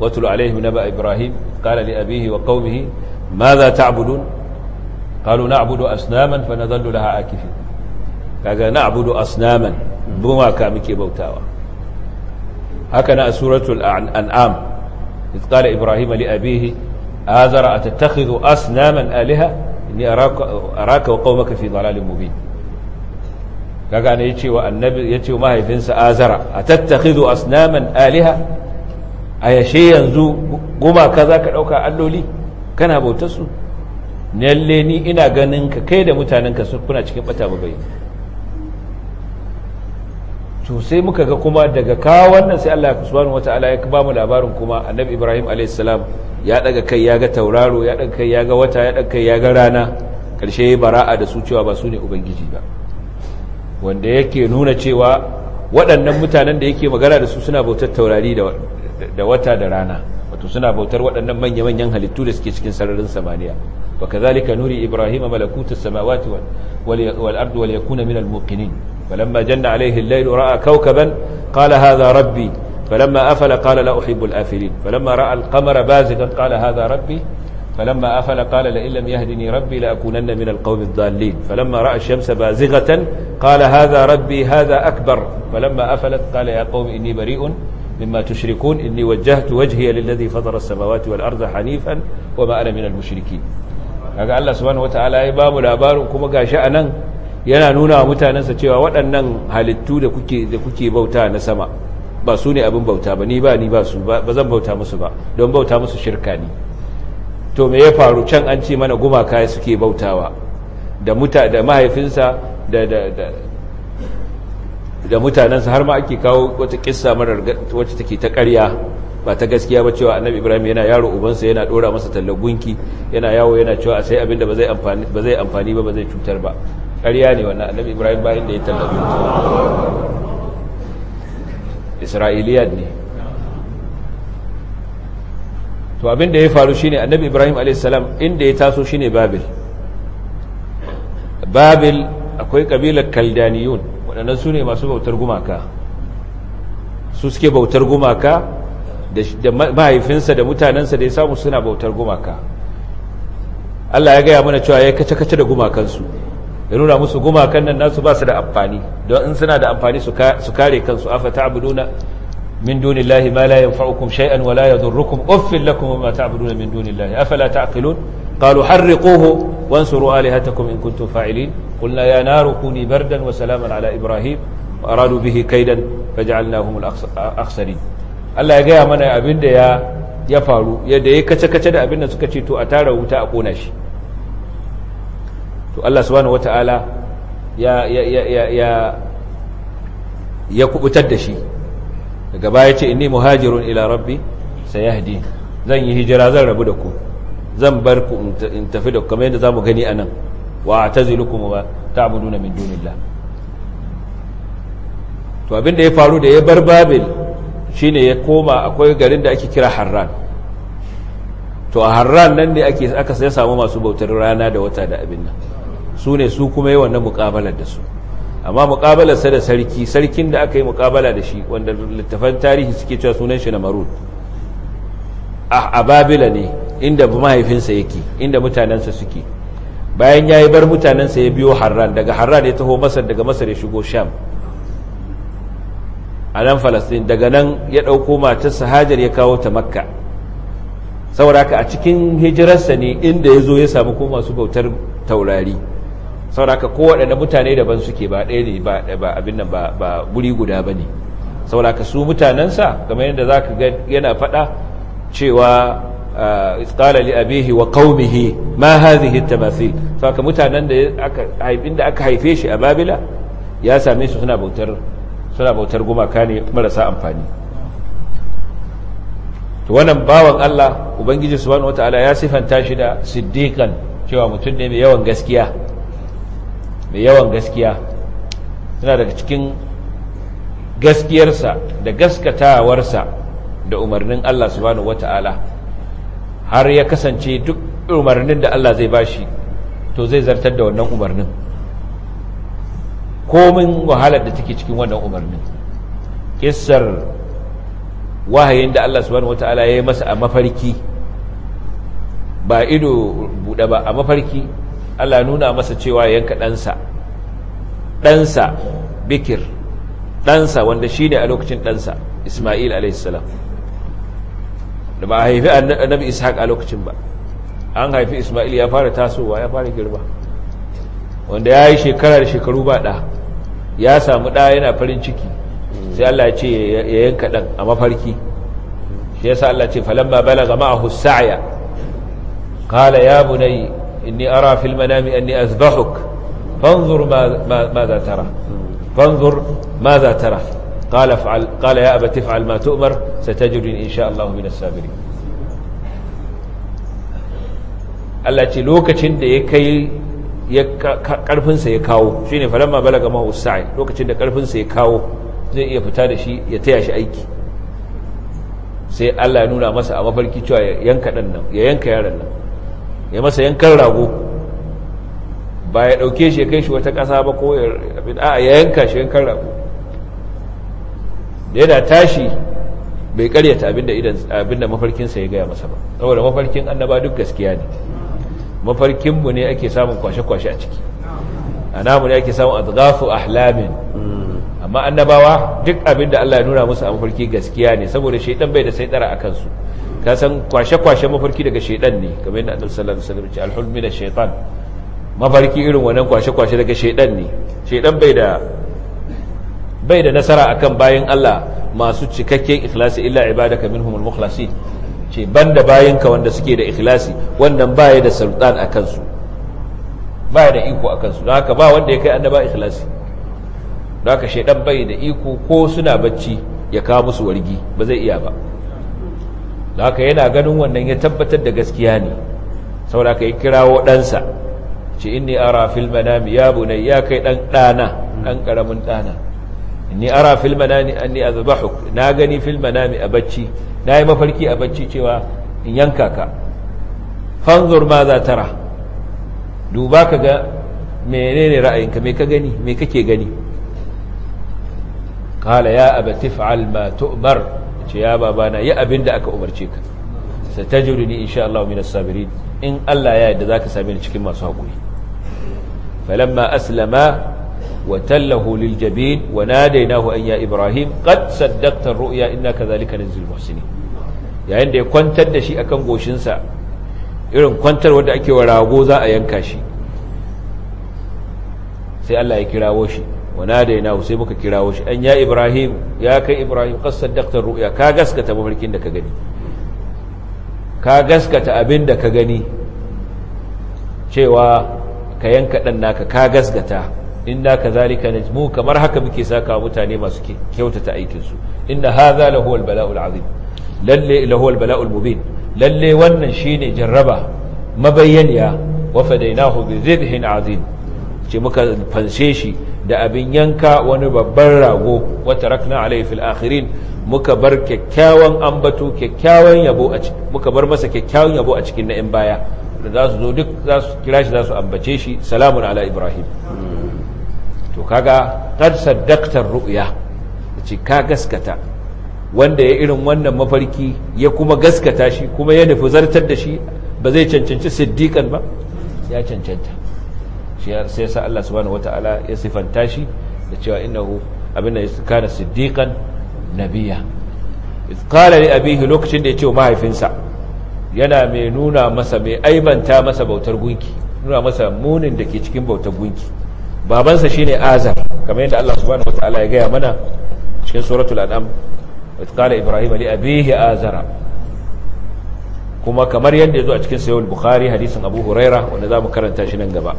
watul alaihim naba ibrahim qala li abihi wa ta madha ta'budun na na'budu asnaman fa na nadhallu laha kifi kaga na na'budu asnaman gumaka muke bautawa haka na suratul an'am iz qala ibrahim li abihi azara atattakhidhu asnaman Aliha inni araka araka wa qaumaka fi dhalalin mubin kaga ne yace wa annabi yace wa mahaifinsa azara atattakhidhu asnaman alaha yashe yanzu goma ka zaka dauka alloli kana bautar su ni ina ganin ka kai da mutanen ka kuna cikin bata babai to sai muka ga kuma daga kawo wannan sai Allah subhanahu wataala ya ba mu labarin kuma annabi Ibrahim alayhis salam ya daga kai ya ga tauraro ya daga kai ya ga wata ya daga kai ya ga rana karshe bara'a da su cewa ba su ne ubangiji ba wanda yake nuna cewa waɗannan mutanen da yake magana da su suna bautar taurari da wata da rana wato suna bautar waɗannan manya-manyan halittu da suke cikin sararin samaniya wa kazalika nuri ibrahim malakutus samawati wal ardi wal min almokinin. falamma janna alaihi lailu layl ra'a kawkaban kala hadha rabbi falamma afala qala la uhibbu al afilin falamma ra'a al qamara bazigan qala rabbi فلما أفل قال لئن لم يهدني ربي لأكونن من القوم الضالين فلما رأى الشمس بازغة قال هذا ربي هذا أكبر فلما أفلت قال يا قوم إني بريء مما تشركون إني وجهت وجهي للذي فطر السماوات والأرض حنيفا وما أنا من المشركين kaga Allah subhanahu wataala ya bamu labarin kuma gashi anan yana nuna wa mutanansa cewa waɗannan halittu da kuke da kuke bauta na sama ba su ne abin bauta ba ni ba ni ba su ba zan bauta musu ba don bauta musu shirka ne to me ya faru can an ce mana gumaka suke bautawa da muta da mahaifinsa da mutanensa har ma ake kawo wata kissa marar wacce take ta karya. ba ta gaskiya ba cewa annabi ibrahim yana yaro ubansa yana dora masa tallar gunki yana yawo yana cewa a sai abinda ba zai amfani ba amfani ba ba zai cutar ba ƙarya ne wannan annabi ibrahim bayan da ya tallar gunki ne to abin da ya faru shine annabi ibrahim a.s. inda ya taso shine babil babil akwai kabilar kaldaniyun waɗannan su ne masu bautar gumaka su suke bautar gumaka da mahaifinsa da mutanensa da ya samu suna bautar gumaka Allah ya gaya mana cewa ya kace-kace da gumakansu ya nuna musu gumakan nan nasu ba su da amfani don in suna da amfani su kare kansu afa ta'buduna min dunillahi ma la yanfa'ukum shay'an wa la yadhurrukum uffil lakum ma ta'buduna min dunillahi afala ta'qilun qalu harriquhu wansuru alihatakum in kuntum fa'ilin qulna ya naru kuni bardan wa salaman ala ibrahim wa aradu bihi kaidan faj'alnahum al-akhsarin Allah ya gaya mana abinda ya ya faru yadda ya kace-kace da abin da suka ce to a tara wuta a kona shi to Allah subhanahu wata'ala ya ya ya ya ya kubutar da shi daga baya ce inni muhajirun ila rabbi sayahdi zan yi hijira zan rabu da ku zan bar ku in tafi da kuma yadda zamu gani anan wa atazilukum wa ta'buduna min dunillah to abin da ya faru da ya bar babil shine ya koma akwai garin da ake kira harran to a harran nan ne ake aka sai samu masu bautar rana da wata da abin nan su ne su kuma yawan na mukabalar da su amma mukabalarsa da sarki sarkin da aka yi mukabala da shi wanda littafan tarihi suke cewa sunan shi na marud a babila ne inda mahaifinsa yake inda mutanensa suke bayan ya yi bar mutanensa ya biyo harran daga harran ya taho masar daga masar ya shigo sham a nan falastin daga nan ya ɗauko matarsa hajar ya kawo ta makka saboda ka a cikin hijirarsa ne inda ya zo ya samu ko masu bautar taurari sauraka ko kowaɗanda mutane daban suke ba ɗaya ne ba abin nan ba guri guda ba ne sauraka su mutanensa game yadda za ka yana faɗa cewa tsalali ah, a abihi wa qaumihi ma ba tamathil sauraka mutanen da aka aka haife shi a babila ya same su suna bautar gumaka ne marasa amfani to wannan bawan Allah ubangiji subhanahu ta'ala ya sifanta shi da siddiqan cewa mutum ne mai yawan gaskiya mai yawan gaskiya suna daga cikin gaskiyarsa da gaskatawarsa da umarnin Allah subhanahu wata'ala har ya kasance duk umarnin da Allah zai bashi to zai zartar da wannan umarnin komin wahalar da take cikin wannan umarnin kissar wahayin da Allah subhanahu wata'ala ya yi masa a mafarki ba ido buɗe ba a mafarki Allah nuna masa cewa yanka ɗansa ɗansa bikir ɗansa wanda shi ne a lokacin ɗansa ismail alaihissalam da ba a haifi annabi ishaq a lokacin ba an haifi ismail ya fara tasowa ya fara girma wanda ya yi shekara da shekaru ba ɗa ya samu ɗa yana farin ciki sai Allah ce ya yanka ɗan a mafarki shi yasa Allah ce falamma balaga ma'ahu sa'ya qala ya bunayi inni ara fil manami anni azbahuk fanzur maza tara fanzur maza tara قال افعل قال يا ابت افعل ما تؤمر ستجرني ان شاء الله من Allah ce lokacin da ya kai karfinsa ya kawo shi ne falamma balaga mahu sa'i lokacin da karfinsa ya kawo zai iya fita da shi ya taya shi aiki sai Allah ya nuna masa a mafarki cewa ya yanka ɗan nan ya yanka yaran nan ya masa yankan rago ba ya dauke shi ya kai shi wata kasa ba ko a ya yanka shi yankan rago da yana tashi bai karyata abinda mafarkinsa ya gaya masa ba saboda mafarkin annaba duk gaskiya ne mafarkinmu ne ake samun kwashe-kwashe a ciki a namu ne ake samun a ahlamin amma annabawa duk abinda Allah ya nuna musu a mafarki gaskiya ne saboda shaidan bai da sai tsara a kansu ka san kwashe-kwashe mafarki daga shaidan ne kamar yadda annabi sallallahu alaihi wasallam ce alhulmi da shaitan mafarki irin wannan kwashe-kwashe daga shaidan ne shaidan bai da bai da nasara akan bayan Allah masu cikakken ikhlasi illa ibadaka minhumul mukhlasin ce banda bayanka wanda suke da ikhlasi wannan baya da sultan akan su baya da iko akan su don haka ba wanda ya kai annaba ikhlasi don haka shaidan bai da iko ko suna bacci ya kawo musu wargi ba zai iya ba da haka yana ganin wannan ya tabbatar da gaskiya ne saboda ka yi kirawo ɗansa ce inni ara fil manami ya bunai ya kai ɗan ɗana ɗan ƙaramin ɗana inni ara fil manami anni azbahuk na gani fil manami a bacci na yi mafarki a bacci cewa in yanka ka fanzur ma za tara duba ka ga menene ra'ayinka me ka gani me kake gani qala ya abati fa'al ma tu'mar ce ya babana yi abin da aka umarce ka satajuruni insha Allah min as-sabirin in Allah ya yarda zaka same ni cikin masu hakuri falamma aslama wa tallahu lil jabin wa nadaynahu an ya ibrahim qad saddaqta ar-ru'ya inna kadhalika nunzil ne. yayin da ya kwantar da shi akan goshin sa irin kwantar wanda ake wa rago za a yanka shi sai Allah ya kirawo shi وناديناه sai muka kirawo shi an ya ibrahim ya kai ibrahim qad Daktar ru'ya ka gaskata mafarkin da ka gani ka gaskata abin da ka gani cewa ka yanka naka ka gaskata inna kadhalika kamar haka muke saka mutane masu kyautata aikin su inda haza lahu al-bala'u azim lalle lahu balau mubin lalle wannan shine jarraba mabayyaniya wa fadainahu bi dhibhin azim ce muka fanshe shi da abin yanka wani babban rago wata rakna alai fil akhirin muka bar kyakkyawan ambato kyakkyawan yabo a muka bar masa kyakkyawan yabo a cikin na'in baya da za su zo duk za su kira shi za su ambace shi salamun ala ibrahim to kaga qad saddaqta ru'ya ce ka gaskata wanda ya irin wannan mafarki ya kuma gaskata shi kuma ya nufi zartar da shi ba zai cancanci siddiqan ba ya cancanta sai sa Allah subhanahu wataala ya sifanta shi da cewa innahu abinda ya kana siddiqan nabiyya iz qala li abihi lokacin da ya ce mahaifinsa yana mai nuna masa mai aibanta masa bautar gunki nuna masa munin da ke cikin bautar gunki babansa shine azar kamar yadda Allah subhanahu wataala ya gaya mana cikin suratul an'am iz qala ibrahim li abihi azara kuma kamar yadda ya zo a cikin sayo bukhari hadisin abu huraira wanda za mu karanta shi nan gaba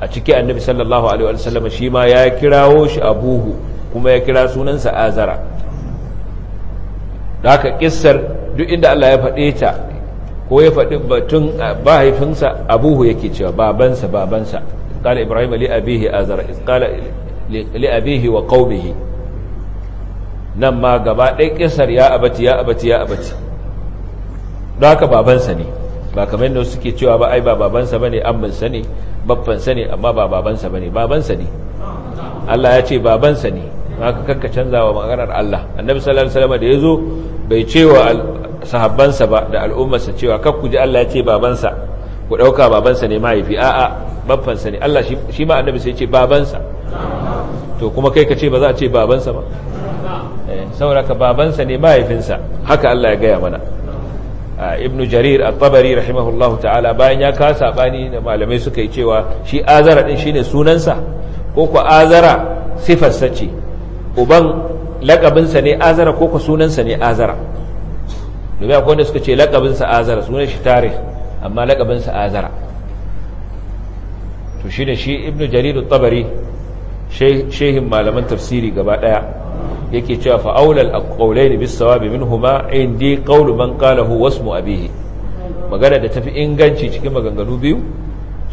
a ciki annabi sallallahu alaihi wasallam shi ma ya kirawo shi abuhu kuma ya kira sunansa azara da haka kissar duk inda Allah ya faɗe ta ko ya faɗi batun bahaifinsa abuhu yake cewa babansa babansa qala ibrahim li abihi azara qala li abihi wa qaumihi nan ma gaba ɗaya kissar ya abati ya abati ya abati da haka babansa ne ba kamar yadda suke cewa ba ai ba babansa bane amminsa ne babbansa ne amma ba babansa bane babansa ne Allah ya ce babansa ne haka kanka canzawa maganar Allah annabi sallallahu alaihi wasallam da yazo bai cewa sahabbansa ba da al'ummarsa cewa kar ku ji Allah ya ce babansa ku dauka babansa ne mahaifi a'a babbansa ne Allah shi ma annabi sai ya ce babansa to kuma kai ka ce ba za a ce babansa ba eh, saboda ka babansa ne mahaifinsa haka Allah ya gaya mana ibnu jarir al tabari rahimahullahu ta'ala bayan ya ka sabani da malamai suka yi cewa shi azara din shine sunansa ko ku azara sifarsa ce uban lakabinsa ne azara ko ku sunansa ne azara domin akwai wanda suka ce lakabinsa azara sunan shi tarih amma lakabinsa azara to shine shi ibnu jarir al tabari shehin malaman tafsiri gaba daya yake cewa fa aulal aqwaulain bis sawabi minhuma indi qawlu man qalahu wasmu abihi magana da tafi inganci cikin maganganu biyu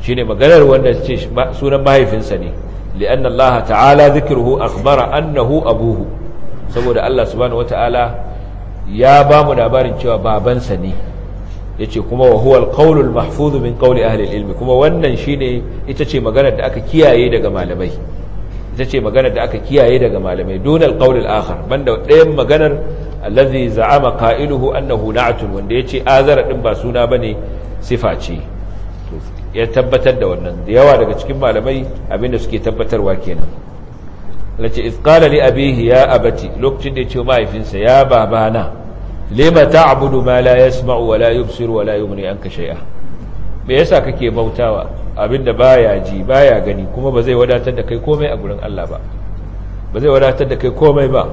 shine maganar wanda ce sunan mahaifinsa ne li'anna Allah ta'ala dhikruhu akhbara annahu abuhu saboda Allah subhanahu wata'ala ya ba mu labarin cewa babansa ne yace kuma wa huwa al mahfuz min qawli ahli ilmi kuma wannan shine ita ce maganar da aka kiyaye daga malamai ita ce magana da aka kiyaye daga malamai dunal qaulil akhar banda ɗayan maganar allazi za'ama qailuhu annahu na'atun wanda yace azara din ba suna bane sifa ce ya tabbatar da wannan da yawa daga cikin malamai abinda suke tabbatarwa kenan lace iskalali li abihi ya abati lokacin da yace mahaifinsa ya babana lima ta'budu ma la yasma'u wa la yubsiru wa la yughni anka shay'a me yasa kake bautawa abinda baya ji baya gani kuma ba zai wadatar da kai komai a gurin Allah ba ba zai wadatar da kai komai ba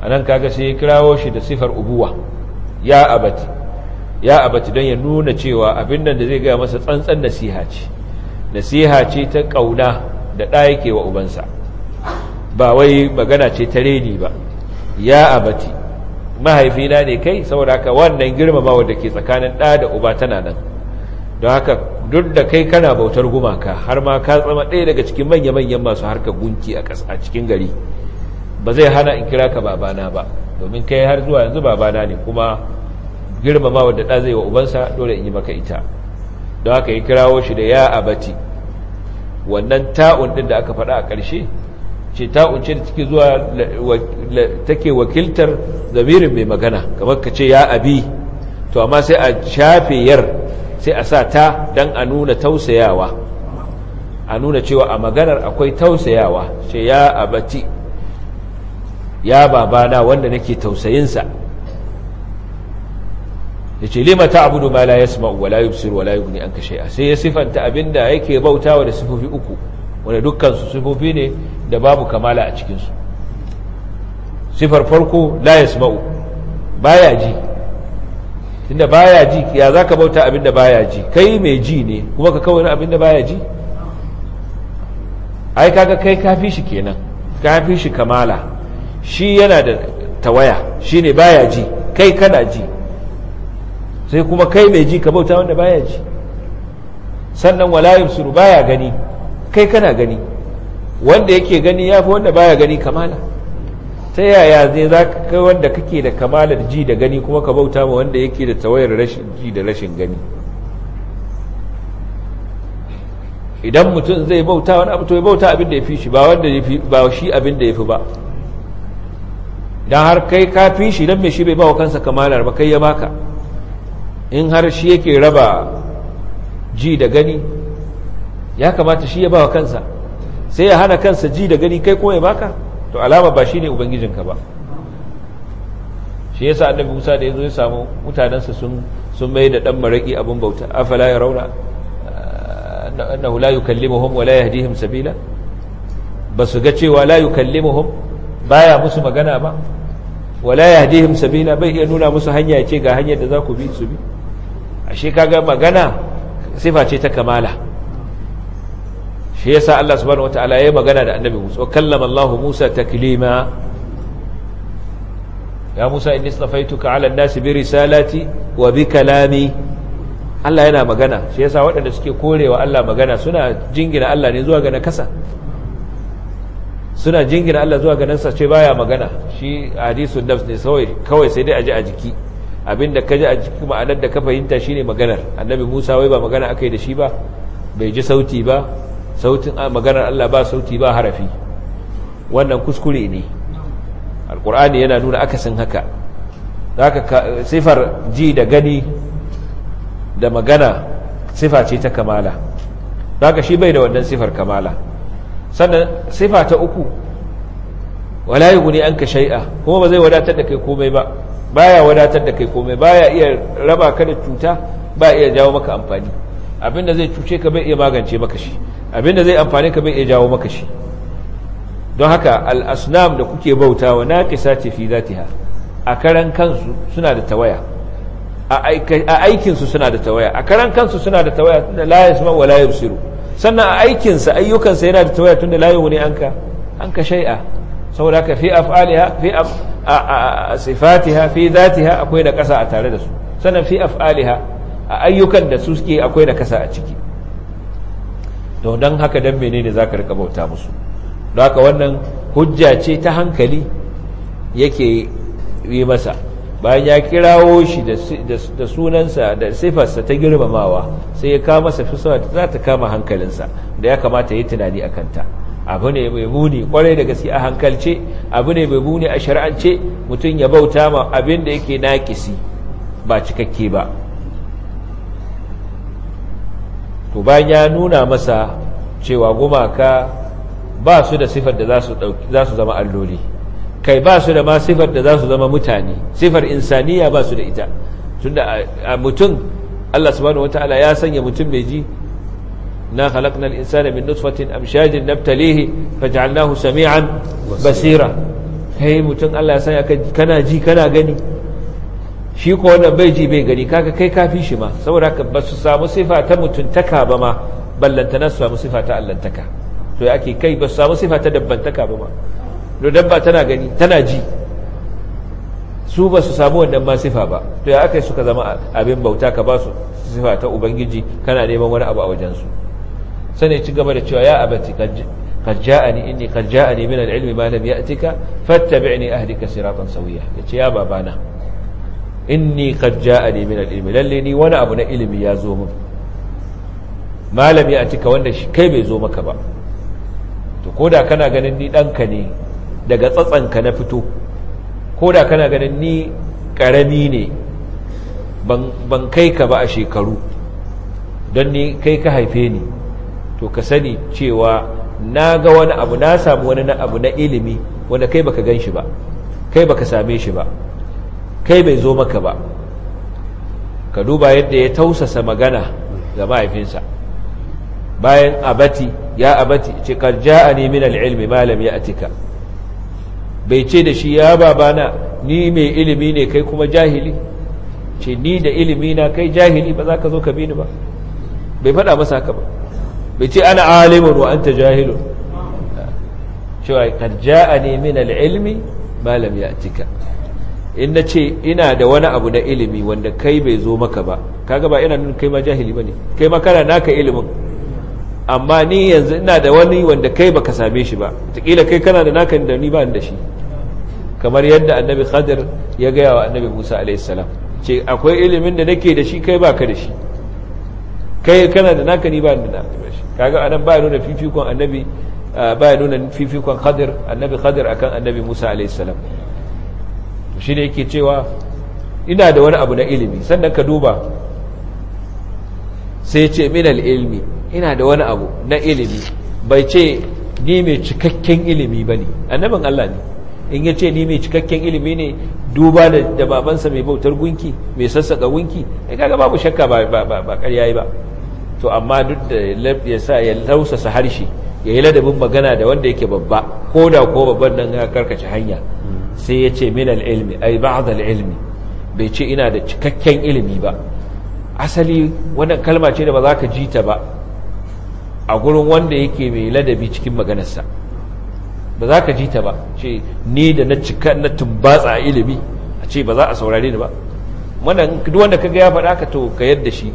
anan kaga sai ya kirawo shi da sifar ubuwa ya abati ya abati don ya nuna cewa abin nan da zai gaya masa tsantsan nasiha ce nasiha ce ta kauna da ɗa yake wa ubansa ba wai magana ce ta reni ba ya abati mahaifina ne kai saboda haka wannan girmamawa da ke tsakanin ɗa da uba tana nan don haka duk da kai kana bautar gumaka har ma ka tsama ɗaya daga cikin manya-manyan masu harka gunki a cikin gari ba zai hana in kira ka babana ba domin kai har zuwa yanzu babana ne kuma girmama wadda ɗa zai wa ubansa dole in yi maka ita don haka yi kirawo shi da ya abati wannan ta'un ɗin da aka faɗa a ƙarshe ce ta'un ce da take zuwa take wakiltar zamirin mai magana kamar ka ce ya abi to amma sai a shafe yar sai a sa ta don a nuna tausayawa a nuna cewa a maganar akwai tausayawa ce ya abati ya babana wanda nake tausayinsa ya ce lima ta abudu ma ya sama wala yi bisiru an kashe a sai ya siffanta abinda yake bautawa da siffofi uku wanda dukkansu siffofi ne da babu kamala a cikinsu sifar farko la ya baya ji tunda baya ji ya zaka bauta abinda ba baya ji kai mai ji ne kuma ka kawai abinda ba baya ji ai kaga kai kafi shi kenan kafi shi kamala shi yana da tawaya shine baya ji kai kana ji sai kuma kai mai ji ka bauta wanda baya ji sannan wala ba baya gani kai kana gani wanda yake gani yafi wanda baya gani kamala ta yaya zai za ka kai wanda kake da kamalar ji da gani kuma ka bauta ma wanda yake da tawayar rashin ji da rashin gani idan mutum zai bauta wani abu to ya bauta abin da ya fi shi ba wanda ya fi ba shi abin da ya fi ba idan har kai ka fi shi don me shi bai bawa kansa kamalar ba kai ya baka in har shi yake raba ji da gani ya kamata shi ya bawa kansa sai ya hana kansa ji da gani kai kuma ya baka to alama ba shine ubangijinka ba shi yasa annabi Musa da yazo ya samu mutanansa sun sun mai da dan maraki abin bauta afala yarawna annahu la yukallimuhum wa la yahdihim sabila su ga cewa la yukallimuhum baya musu magana ba wala hadihim sabila bai iya nuna musu hanya ce ga hanyar da za ku bi su bi ashe kaga magana sifa ce ta kamala shi yasa Allah subhanahu wataala ya magana da annabi Musa wa kallama Allah Musa taklima ya Musa inni safaituka ala an-nas bi risalati wa bi kalami Allah yana magana shi yasa waɗanda suke korewa Allah magana suna jingina Allah ne zuwa ga nakasa suna jingina Allah zuwa ga nasa ce baya magana shi hadisun nafs ne kawai sai dai aje a jiki abinda ka ji a jiki ma'anar da ka fahimta shine maganar annabi Musa wai ba magana akai da shi ba bai ji sauti ba sautin maganar Allah ba sauti ba harafi wannan kuskure ne alkur'ani yana nuna akasin haka zaka sifar ji da gani da magana sifa ce ta kamala zaka shi bai da wannan sifar kamala sannan sifa ta uku wala yughni anka shay'a kuma ba zai wadatar da kai komai ba baya wadatar da kai komai baya iya raba ka da cuta ba iya jawo maka amfani abinda zai cuce ka bai iya magance maka shi abinda zai amfani ka bai iya jawo maka shi don haka al'asnam da kuke bautawa na kisa ce fi ha a karan kansu suna da tawaya a aikinsu suna da tawaya a karan kansu suna da tawaya tunda la yasma wa la yubsiru sannan a aikinsa ayyukansa yana da tawaya tun da la yughni an ka shai'a saboda ka fi af'aliha fi sifatiha fi zatiha akwai da kasa a tare da su sannan fi af'aliha a ayyukan da su suke akwai da kasa a ciki to don haka don mene ne za ka rika bauta musu don haka wannan hujja ce ta hankali yake yi masa bayan ya kirawo shi da sunansa da sifarsa ta girmamawa sai ya kama masa za ta kama hankalinsa da ya kamata ya tunani a kanta abu ne mai muni kwarai da gaske a hankalce abu ne mai muni a shari'ance mutum ya bauta ma abin da yake naƙisi ba cikakke ba to bayan ya nuna masa cewa gumaka ba su da sifar da za su zama alloli kai ba su da ma sifar da za su zama mutane sifar insaniya ba su da ita tunda a mutum Allah subhanahu wataala ya sanya mutum mai ji na khalaqnal insana min nutfatin amshajin nabtalihi faj'alnahu sami'an basira kai mutum Allah ya sanya kana ji kana gani shi ko wannan bai ji bai gani kaga kai kafi shi ma saboda ka ba su samu sifa ta mutuntaka ba ma na su samu sifa ta allantaka to ya ake kai ba su samu sifa ta dabbantaka ba ma to dabba tana gani tana ji su ba su samu wannan ma sifa ba to ya aka suka zama abin bauta ka ba su sifa ta ubangiji kana neman wani abu a wajensu sani ci gaba da cewa ya abati قد جاءني إني قد جاءني من العلم ما لم يأتك فاتبعني أهلك صراطا سويا يا بابانا inni kajja a min al lalle ni wani abu na ilimi ya zo min malami a cika wanda shi kai bai zo maka ba to ko da kana ganin ni danka ne daga tsatsanka na fito ko da kana ganin ni ƙarami ne ban kai ka ba a shekaru don ni kai ka haife ni to ka sani cewa na ga wani abu na samu wani abu na ilimi wanda kai baka gan shi ba kai baka same shi ba kai bai zo maka ba ka duba yadda ya tausasa magana ga mahaifinsa bayan abati ya abati ce kan a min al'ilmi ilmi ya atika bai ce da shi ya babana ni mai ilimi ne kai kuma jahili ce ni da ilimi na kai jahili ba za ka zo ka bi ni ba bai faɗa masa haka ba bai ce ana alimun wa an ta jahilun cewa kad a min al'ilmi ilmi ya atika. in na ce ina da wani abu na ilimi wanda kai bai zo maka ba kaga ba ina nun kai ma jahili ba ne kai ma kana naka ilimin amma ni yanzu ina da wani wanda kai baka same shi ba takila kai kana da naka da ni ba da shi kamar yadda annabi khadir ya gaya wa annabi musa alaihissalam ce akwai ilimin da nake da shi kai baka da shi kai kana da naka ni ba da kaga anan ba nuna fifikon annabi ah, ba nuna fifikon khadir annabi khadir akan annabi musa alaihissalam shi ne yake cewa ina da wani abu na ilimi sannan ka duba sai ce minal ilmi ina da wani abu na ilimi bai ce ni mai cikakken ilimi ba ne annabin Allah ne in ya ce ni mai cikakken ilimi ne duba da babansa mai bautar gunki mai sassaka gunki ya kaga babu shakka ba karya ba to amma duk da ya sa ya lausasa harshe ya yi ladabin magana da wanda yake babba ko da ko babban nan ya karkace hanya sai ya ce minal ilmi ai ba da ilmi bai ce ina da cikakken ilimi ba asali wannan kalma ce da ba za ka ji ta ba a gurin wanda yake mai ladabi cikin maganarsa ba za ka ji ta ba ce ni da na cika na tumbatsa a ilimi a ce ba za a saurare ni ba wannan duk wanda kaga ya faɗa ka to ka yadda shi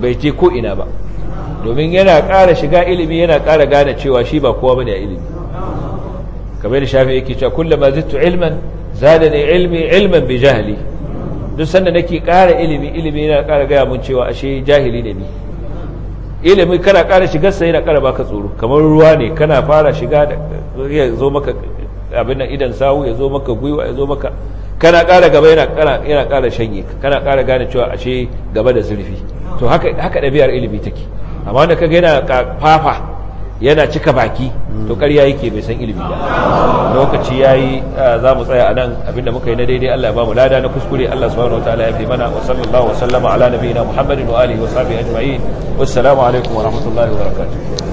bai je ko ina ba domin yana ƙara shiga ilimi yana ƙara gane cewa shi ba kowa bane a ilimi kamar da shafi yake cewa kullama zittu ilman zadani ilmi ilman bi jahli duk sanda nake ƙara ilimi ilimi yana ƙara gaya mun cewa ashe jahili ne ni ilimi kana ƙara shigar sai yana ƙara baka tsoro kamar ruwa ne kana fara shiga ya zo maka abin nan idan sawu ya zo maka gwiwa ya zo maka kana ƙara gaba yana ƙara yana kara shanye kana ƙara gane cewa ashe gaba da zurfi to haka haka ɗabi'ar ilimi take amma wanda kaga yana fafa yana cika baki to ƙarya yake bai san ilimi ba lokaci yi za mu tsaya anan abinda muka yi na daidai Allah ya ba mu lada na kuskure Allah subhanahu wataala ya fi mana wa sallallahu wa sallama ala nabiyina Muhammadin wa alihi wa sahbihi ajma'in wassalamu alaikum wa rahmatullahi wa barakatuh